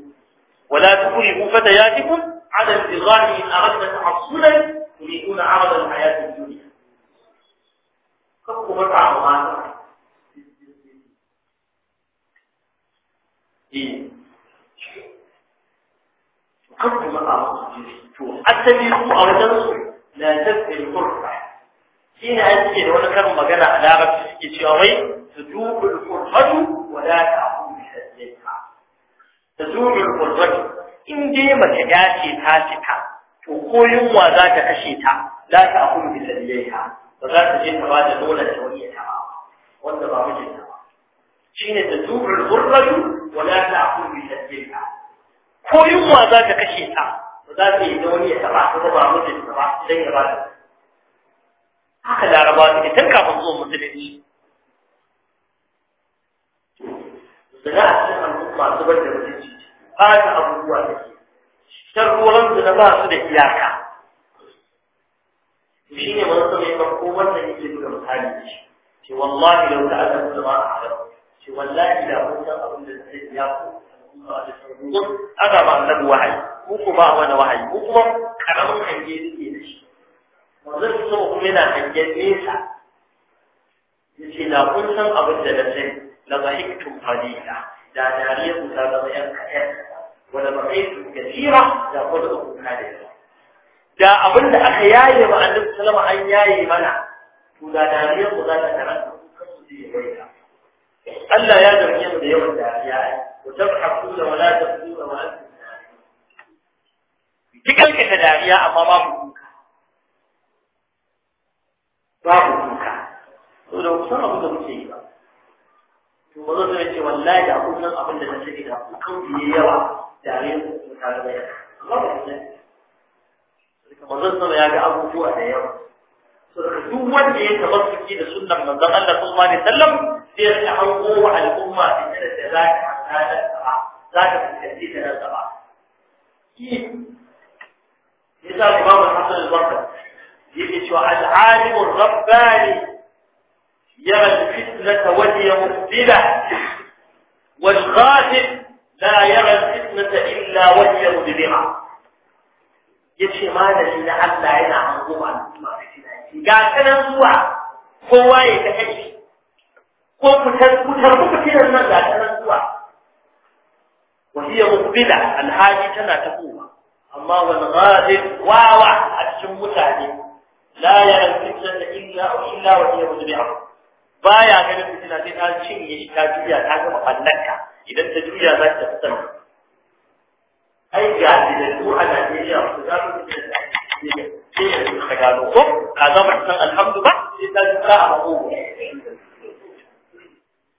wala ya fatayatikum ala al-ghani in aradna tahassulan turiduna arada al-hayat ad-dunya kan ku matsa ma eh. kan ku matsa ma to asali su a wajen su la tafsir qurra shine an ce da wani karin magana a larabci suke cewa wai tudubul qurratu wa la ta'khudhu bisaddaha tudubul qurratu in dai mace ya ce ta cika to ko yunwa za ta kashe ta la ta'khudhu bisaddaha ba za ta je ta ba da dole ta wani ta ba wanda ba mijinta ba shine tudubul qurratu wa la ta'khudhu bisaddaha ko yunwa za ta kashe ta ba za ta yi wani ya taɓa kuma ba mijinta ba idan ya ba da haka laraba suke tun kafin zuwa musulunci zina a cikin al'umma bar da mutunci fata abubuwa da ke sharroran zina ba su da iyaka shi ne wani sama ba ko wanda yake buga misali da shi ce wallahi lau ta'ala kuma ma'a ce wallahi da kun abin da zai ya ko ana ba nan wahayi ko ba wani wahayi ko kuma karamin hange suke da shi wanzan su sama kuma yana hangen nesa ya ce da kun san abin da na sai la zahiktum qalila da dariyar ku ta zama yan kaɗan wala baqaitu kathira da kuma da kuma da yawa da abin da aka yaye ma annabi sallama an yaye mana to da dariyar ku za ta karanta ku kasu zai yawaita Allah ya zarge mu da yawan dariya وتضحكون ولا تبكون وأنتم Cikin ka dariya amma babu kuka. Babu kuka. To da kusan abin da yi ba. To ba zan zai ce wallahi da kusan abin da na sani da kukan biye yawa dariyar kuka ta Amma ba sama ya ga abubuwa da yawa. duk wanda ya tabbata da sunnar manzon Allah sallallahu alaihi wasallam sai ya wa al'umma da da هذا السبع لا من تجديد هذا السبع كيف مثال الإمام الحسن البصري يجي شو العالم الرباني يرى الفتنة وهي مسبلة والغافل لا يرى الفتنة إلا وهي مدبرة yace malami na Allah yana hango al'umma fitina ga kanan zuwa kowa ya ta kai ko fitar fitar وهي مقبلة الحاجة تنا تقوم أما والغادر واوع الشم تعليم لا يعلم فتنة إلا إلا وهي مدبعة بايا ganin fitina sai ta cinye ta juya ta gama fallanka idan ta juya za ta fitar ai ga da su a Najeriya su za su fitar sai ya gano ko ka zama san alhamdulillah sai ta ji a mako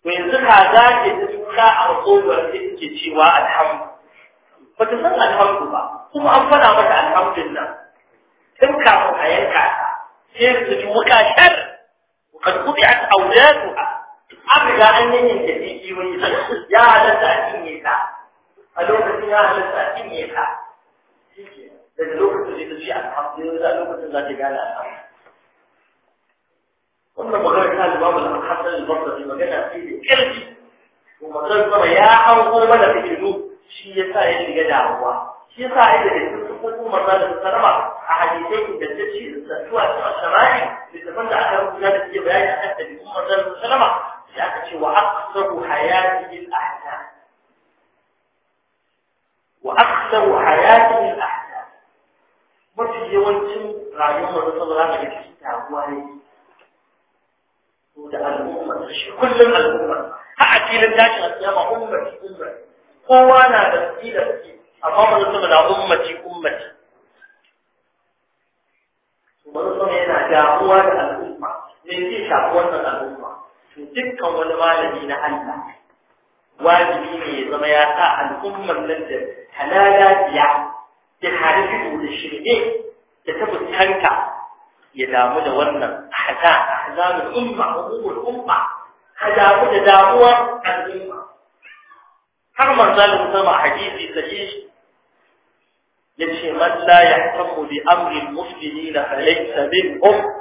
to yanzu za ke ta a tsohuwar da ke cewa alhamdu ba ta san alhamdu ba kuma an faɗa mata alhamdun nan tun kafin a yanka ta sai su ji muka shar ka kuɗi a aulatuha an riga an yanyanke jijiyoyi ya halatta a cinye ta a lokacin ya halatta a cinye ta daga lokacin da ya ce alhamdu yanzu a lokacin za ta gane alhamdu قلنا بغير هذا الباب لما حصل البطل في مجال فيه كلبي ومجرد ما يا هو ولا في الجنوب شيء يسا اللي جدع هو شيء يسا اللي تقول مرة السلامة أحاديثين جدتشي لتسوى الشرائع لتفندع أخر مجال في بيان حتى بيكون مرة السلامة لأكتشي وأكثر حياته الأحسان وأكثر حياته الأحسان mafi yawancin rayuwar da sallah da ke cikin tabuwa da al'ummar shi kullum al'ummar ha a filin tashin alƙiyama ummati ummati kowa na da tsilar amma ba zai sama da ummati ummati wani sama yana damuwa da al'umma ne zai shafi wannan al'umma dukkan wani malami na Allah wajibi ne ya zama ya sa al'ummar nan da halala biya da harifi da shirme da tabbutanta يدعو ده ولا حتى احزاب الامه أمور الامه حجاب ده دعوه الامه حرم ظالم سمع حديث صحيح يمشي من لا يحكم لأمر المسلمين فليس منهم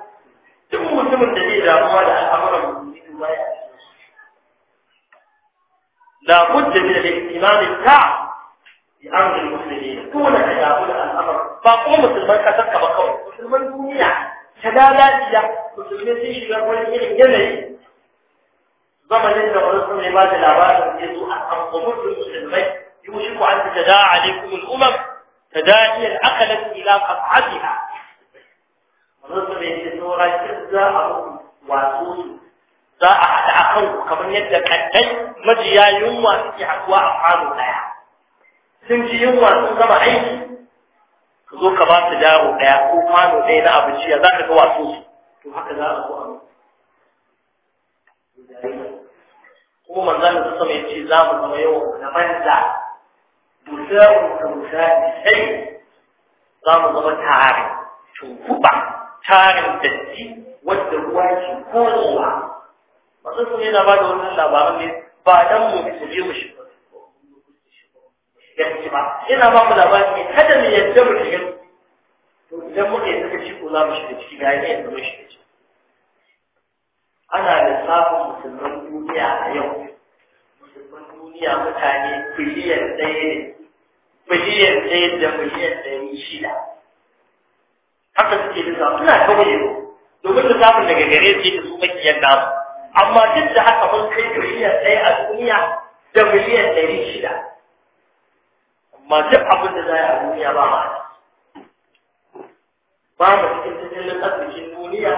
ثم ثم تجي دعوه على امر المسلمين ما لا بد من الاهتمام التام بامر المسلمين طول حجاب الامر فقومت المركز تبقى قوم مسلمان دنيا ta lalaciya musulmi sun shiga wani irin yanayi zamanin da wani sun ba da labarin ya zo a kamfamin musulmai yushi ku an ta da alaikum al'umam ta da'iyar akalar ila kafa'adiha wani sun ya ce saura za a wato su za a haɗa a kan kamar yadda kaddai majiya yunwa suke haɗuwa a kwano ɗaya sun ji yunwa sun gama aiki ka zo ka ba su jaro ɗaya ko kwano ɗaya na abinci ya za ka ga wasu su to haka za a zo a ko manzan da sama ya ce za mu zama yawan na manza musa'un ka musa'in sai za mu zama tarin tunkuɓa tarin datti wadda ruwa ke kowa masu sun yana ba da wannan labaran ne ba dan mu mu je mu shi gaske ba ina ba mu labari ne kada mu yadda mu shiga to idan muka yi saka ciko za mu shiga ciki ga yadda mu shiga ciki ana da lissafin musulman duniya a yau musulman duniya mutane biliyan ɗaya ne biliyan ɗaya da biliyan ɗari shida haka suke lissafin suna kauye domin lissafin daga gare su da su makiyar namu amma duk da haka mun kai biliyan ɗaya a duniya da miliyan ɗari shida ma duk abin da za a duniya ba ma ba mu cikin tattalin arzikin duniya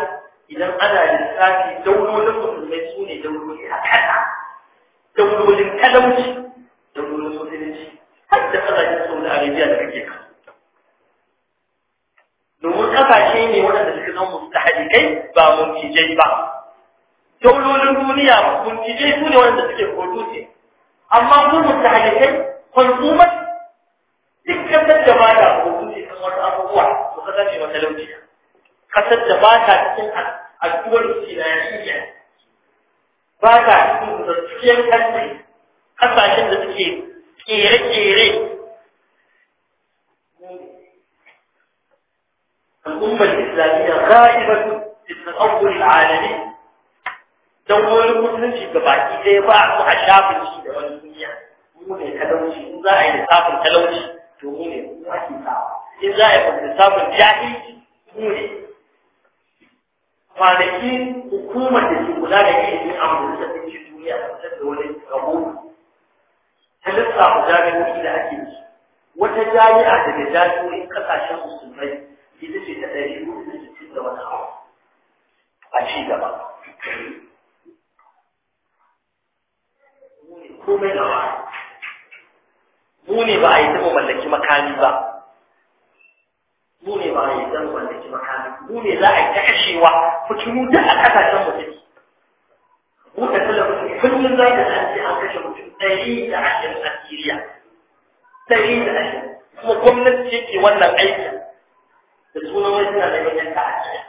idan ana lissafi daulolin musulmai su ne daurolin a kasa daulolin talauci daulolin musulunci har da kasashen saudi arabia da kake kan domin kasashe ne waɗanda suka zama kai ba muntijai ba daulolin duniya muntijai su ne waɗanda suke produce amma mu mustahadikai consumers duk kasar da ba da hukunci kan wata abubuwa to kasa ce matalauciya kasar da ba ta cikin addu'ar sinayariya ba ta cikin zartiyar kasai kasashen da suke kere-kere al'ummar islamiyya ga'ibatu ibn al-awwal al-alamin dan wani mutunci ga baki ɗaya ba su a shafin shi da wani duniya mu ne talauci in za a yi lissafin talauci dogo ne ake sawa in za a yi samun jahilci mu ne kwanaki hukumar da ke kula da yin amurka da ce duniya ta fitar da wani gabo ta lissafa jami'o'i da ake yi wata jami'a daga jami'o'in kasashen musulmai ita ce ta ɗari hudu da sittin da wani abu a ci gaba komai na wani mu ne ba a yi taɓa mallaki makami ba mu ne ba a yi taɓa mallaki makami mu ne za a yi ta kashewa fitinu da a kasashen mu take mu da talabijin kullum za ka san sai an kashe mutum ɗari da ashirin a siriya ɗari da ashirin kuma gwamnati ce ke wannan aikin da sunan wani suna da ta ta'adda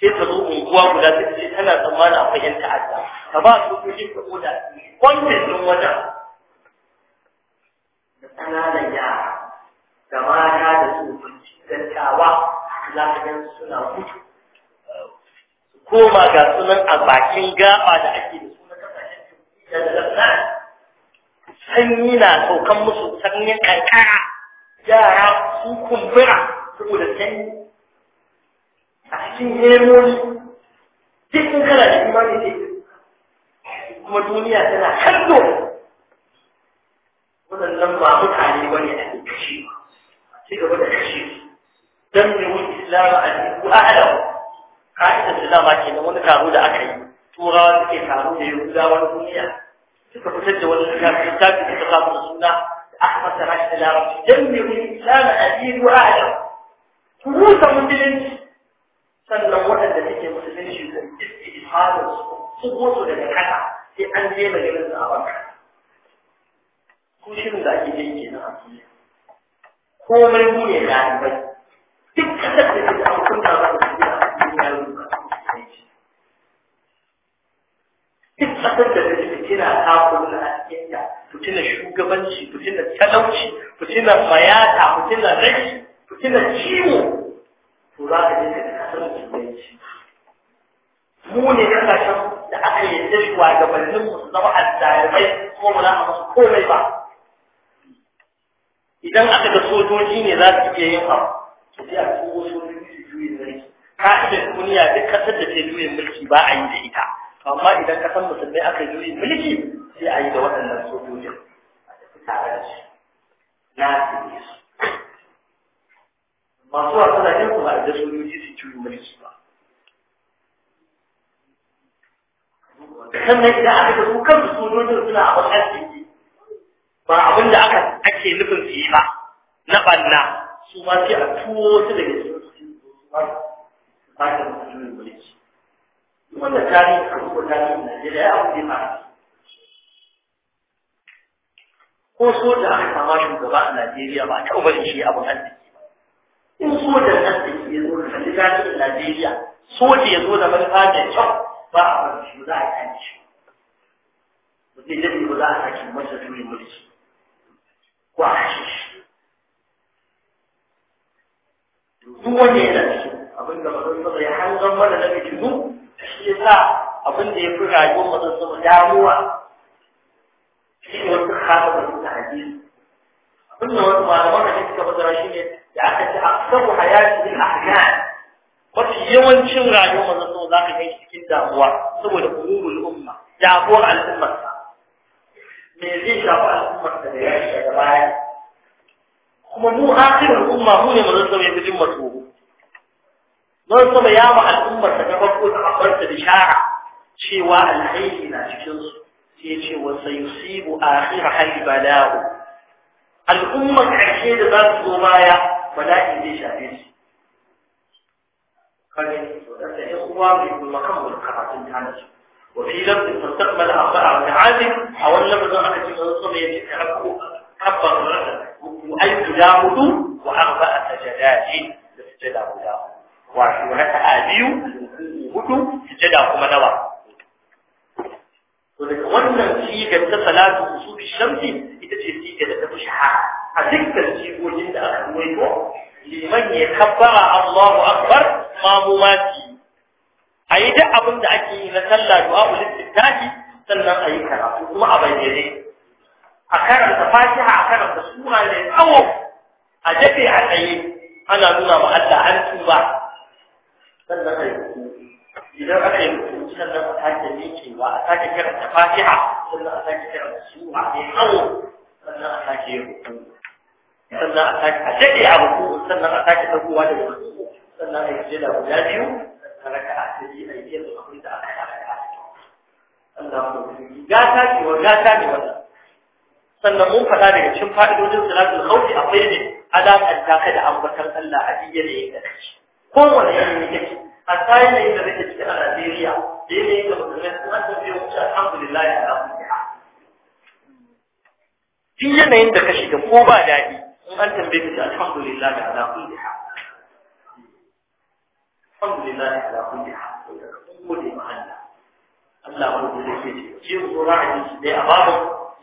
sai ta zo unguwa guda ta ce tana tsammanin akwai a ta ka ba su kuɗi ka oda kwanfin wajen da ƙananan yara da mata da tsofaffi dattawa za ka gan suna mutu su koma ga sunan a bakin gaba da ake da suna kasashen da lafiya sanyi na saukan musu sanyin kankara yara su kumbura saboda sanyi a cikin hemoni duk kana da imani ne kuma duniya tana kallo waɗannan ba mutane ba ne a kashi ci gaba da kashi dan ne wani islam a dubu a'alam ka'idar islam ma kenan wani taro da aka yi turawa suke taro da yahudawan duniya suka fitar da wani littafi suka samu da suna ahmad rashid al-arabi dan ne wani islam a dubu a'alam rusa musulunci sannan waɗanda suke musulunci su iske ishalar su su gosu daga kasa sai an je maganin su a banka ko shirin da ake yi kenan a duniya komai mu ne ɗalibai duk kasar da take an kunna ba da duniya a duniya ne ba duk kasar da take fitina ta kunna a cikin ta fitina shugabanci fitina talauci fitina mayata fitina rashi fitina ciwo to za ka je ka kasar shi. mu ne kasashen da aka yi yadda shugabannin su zama azzalibai kuma mu na musu komai ba idan aka ga sojoji ne za su iya yin abu su sai a tsoho sojoji su juyin mulki Ka ka'idar duniya duk kasar da ke juyin mulki ba a yi da ita amma idan kasar musulmai aka juyin mulki sai a yi da waɗannan sojojin a tafi tare da shi na su su masu wasu da yin kuma da sojoji su juyin mulki ba sannan idan aka ga su kan sojojin suna a aiki ba abin da aka ake nufin su yi ba na banna su ma sai a tuwo su daga cikin su ba ba ta musulmi mulki wanda tarihi a kuma na Najeriya ya abu ne ko so da aka kama shugaba a Najeriya ba ta ubarin shi abin arziki ba in so da arziki ya zo da kalli a Najeriya so da ya zo da manufa da kyau ba a wani shi za a kan shi mutum da ba za a sake masa turin mulki ko a kashe shi duk wanda yana cikin abin da mazan sama ya hanga mana na fitinu shi ya sa abin da ya fi rayuwar mazan sama damuwa shi ne wasu kasa da suka hadisi abin da wasu malaman hadisi suka fasara shi ne da aka a haya shi ne a ahkam Wasu yawancin rayuwar mazan sama za ka kai cikin damuwa saboda kururul umma damuwar al'ummarsa me zai shafi al'ummar da ya shi daga baya kuma mu akhir al'umma mu ne mu sama ya fi jimma tuhu manzon sama ya ma al'ummar da ta farko ta abarta shara. cewa alheri na cikin su sai ce wa sayusibu akhir hal bala'u al'ummar karshe da za su zo baya bala'i zai shafe su kage to da sai uwa mai kuma kan karatun tanaji وفي لفظ فاستقبل أربعة a حول لفظ أنا في الرسول كبر الرسل داود وأربع سجدات سجد أبو داود وعشو ركعة بيو سجد أبو منوى ولك wannan sigar ta salatu usul shamsi ita ce sigar da ta fi shahara a dukkan sigogin da aka ruwaito ya kabbara Allahu akbar mamumati a yi duk abin da ake yi na sallah du'a littafi sannan a yi karatu kuma a bayyane a karanta fatiha a karanta sura ne tsawo a jefe a tsaye ana nuna ma Allah an tuba sannan a yi idan aka yi mutum sannan a sake miƙewa a sake karanta fatiha sannan a sake karanta sura ne tsawo sannan a sake rubutu sannan a sake a jefe a rubutu sannan a sake tagowa da rubutu sannan a yi jela guda biyu sannan a asali a ce wa gata sannan mun faɗa daga cikin fa'idodin salatul khawfi akwai ne alaƙar ta kai da ambatan Allah a ne da kashi kowane yanayi yake a tsayin da yake rike a Najeriya da yanayin da musulmai sun an alhamdulillah ya alaƙa duk yanayin da ka shiga ko ba daɗi in an tambaye ka alhamdulillah da الحمد لله على كل حال كل ما عندنا الله هو الذي يحيي كيف قرعي دي اباب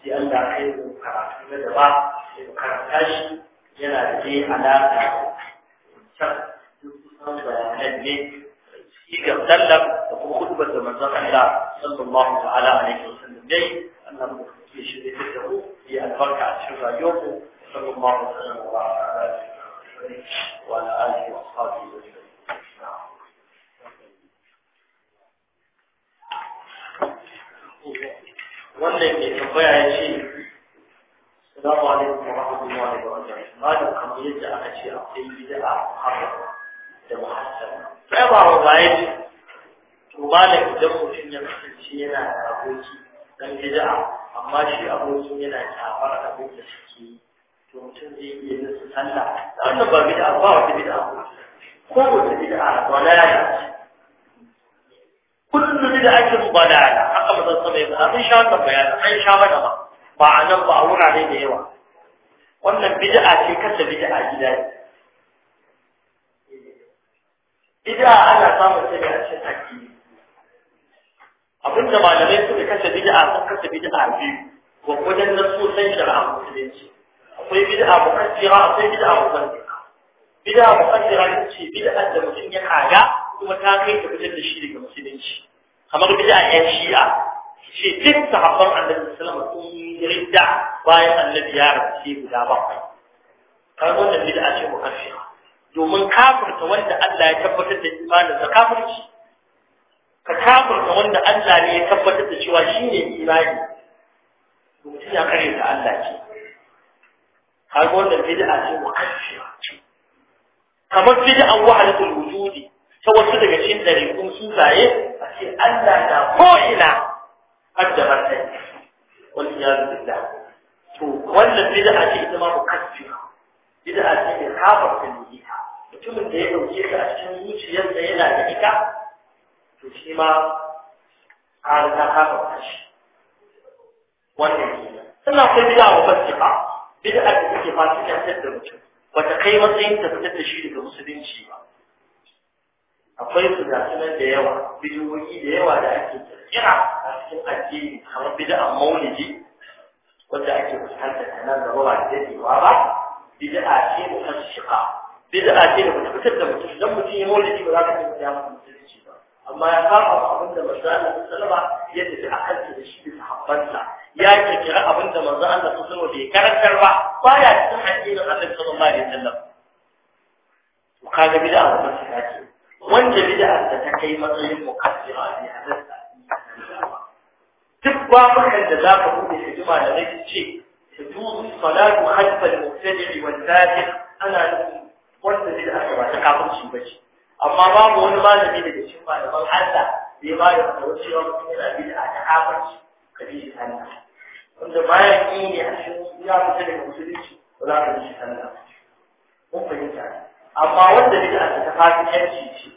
دي الله خير وكرم ما دبا كرتاش جنا دي على شخص يوصل صلى الله عليه وسلم دي ان في في الجو في البركه شو صلى الله وسلم وعلى اله وصحبه وسلم wannan mai tambaya ya ce salamu alaikum wa rahmatullahi wa barakatuh da kamar yadda aka ce akwai bid'a haka da muhassana sai ba wa baya ce to malam idan mutum ya kasance yana da aboki dan gida, amma shi abokin yana tafar abin da suke to mutum zai iya yin sallah da wannan ba bid'a ba wata bid'a kowace bid'a dalala kullu bid'atin dalala haka mutum sama ya an sha ka bayani an sha mana ba ba a nan ba a wurare da yawa wannan bid'a ce kasa bid'a gida bid'a ana samun ta ne a cikin addini abinda malamai suka kasa bid'a sun kasa bid'a biyu gwagwajen na sosan shari'a musulunci akwai bid'a mukaddira akwai bid'a mukaddira bid'a muqaddara ita ce bid'a da mutum ya kaga kuma ta kai ta fitar da shi daga musulunci kamar bid'a yan shi'a ce duk sahabban annabi sallallahu alaihi wasallam ridda bayan annabi ya rasu guda bakwai kan wannan bid'a ce mukaffira domin kafirta wanda Allah ya tabbatar da imanin sa kafirci ka kafirta wanda Allah ne ya tabbatar da cewa shine imani mutum ya kare ta Allah ce har wannan bid'a ce mukaffira kamar wahala kun wujudi ta wasu daga cikin ɗariƙun sunaye a ce Allah na ko'ina hadda martai ya iyadu da to wannan bid'a ce ita ma mukaffira bid'a ce ne kafar ta mutumin da ya dauke ka a cikin zuciyarsa yana da ita to shi ma har ta kafa shi wannan ne sannan akwai da wa fasika bid'a da take fasikantar da mutum bata kai matsayin ta fitar da shi daga musulunci ba akwai su da sunan da yawa bidiyoyi da yawa da ake kira a cikin addini kamar bid'an maulidi wanda ake fuskantar ta nan gaba ba da dadewa ba bid'a ce mufassika bid'a ce da mutum fitar da mutum dan mutum ya maulidi ba za ka tafi ya musulunci ba amma ya fara abin da masallan sallama ya tafi akan da shi da sahabbansa ya kirkira abin da manzo Allah su zama bai karantar ba baya cikin addinin Annabi sallallahu alaihi wasallam to kaga bid'a ba su kace wanda bid'a da ta kai matsayin mukaddima ne a rasa duk ba mukan da za ka buɗe hijima da nake ce tuzu salatu hadfa al-mubtadi wal fasiq ana nufin wanda bid'a ba ta kafin shi ba ce amma babu wani malami daga cikin malaman Allah bai ba da wucewa mutum yana bid'a ta kafirci kabiri sannan wanda bayan yi ne a shi ya fita daga musulunci ba za ka yi shi sallah mun fahimta amma wanda bid'a ta yanci ce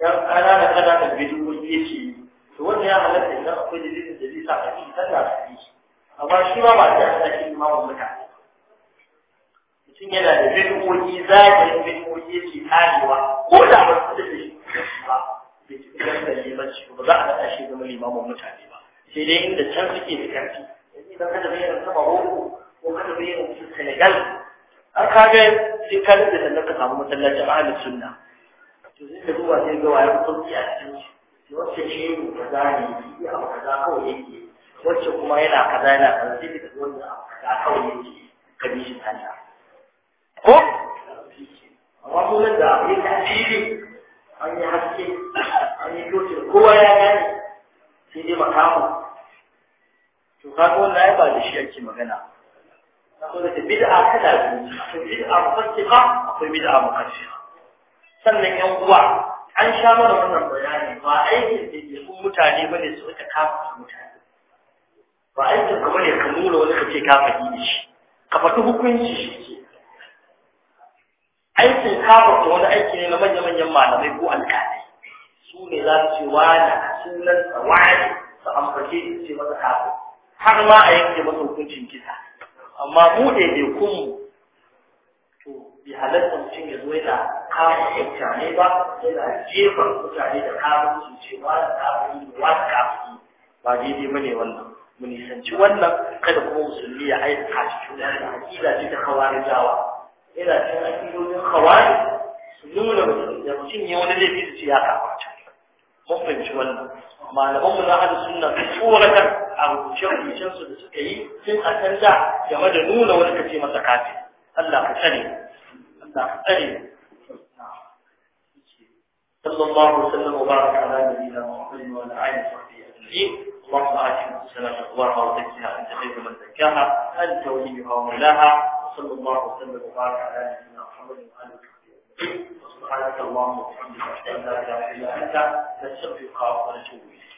yan ƙanana ƙanana bid'o'i ce to wanda ya halatta idan akwai dalilin da zai sa ka yi sallah su yi amma shi ma ba ta halatta shi imamun mutane mutum yana da bid'o'i zahirin bid'o'i ce karewa ko da ba su da shi ba bai ci ɗan da limanci ba za a naɗa shi zama limamin mutane ba sai dai inda can suke da ƙarfi don kada bai yanzu Maroko ko kada bai yanzu Senegal an kaga sai ka da sannan ka samu masallacin ahlus sunna to zai da ruwa sai ga wayar sauki a cikin shi wacce ce mu kaza ne shi abu kaza kawai yake wacce kuma yana kaza yana kaza sai ka ga wanda abu kaza kawai yake ka bi shi tanya ko amma mu da abu yake a fili an yi haske an yi lokacin kowa ya gani, sai dai makamu to kaga wannan Na ba da shi ake magana saboda ta bid'a kada ta bid'a mutaqa akwai bid'a muqaddima sannan yan uwa an sha mana wannan bayani ba aikin da ke mutane bane su suka kafa mutane ba aikin ka bane kan nuna wani kace ka fadi shi ka fadi hukunci shi ke aikin kafa ko wani aiki ne na manyan manyan malamai ko alƙalai su ne za su ce wani sunan tsawani su amfake su ce masa kafa har ma a yanke masa hukuncin kisa amma mu da ke kun to bi halatta mutum ya zo yana kama mutane ba yana jefa mutane da kama su ce wa da kafin wa da kafin ba daidai ba ne wannan mu nisanci wannan kada kuma musulmi ya aika cikin wani aƙida ce ta da jawa yana cikin aƙidodin kawari su nuna da mutum ya wani laifi su ce ya kafa ta mun fahimci wannan malaman mu na hada sunan su tsoratar a rubuce-rubucensu da suka yi sun a canza game da nuna wani kace masa kafin Allah ka tsare Allah ka tsare صلى الله وسلم وبارك على نبينا محمد وعلى اله وصحبه اجمعين اللهم اعطنا السلام والبركه وزكها انت خير من زكاها انت وليها ومولاها صلى الله وسلم وبارك على نبينا محمد وعلى اله وصحبه اجمعين سبحانك اللهم وبحمدك اشهد ان لا اله الا انت نستغفرك ونتوب اليك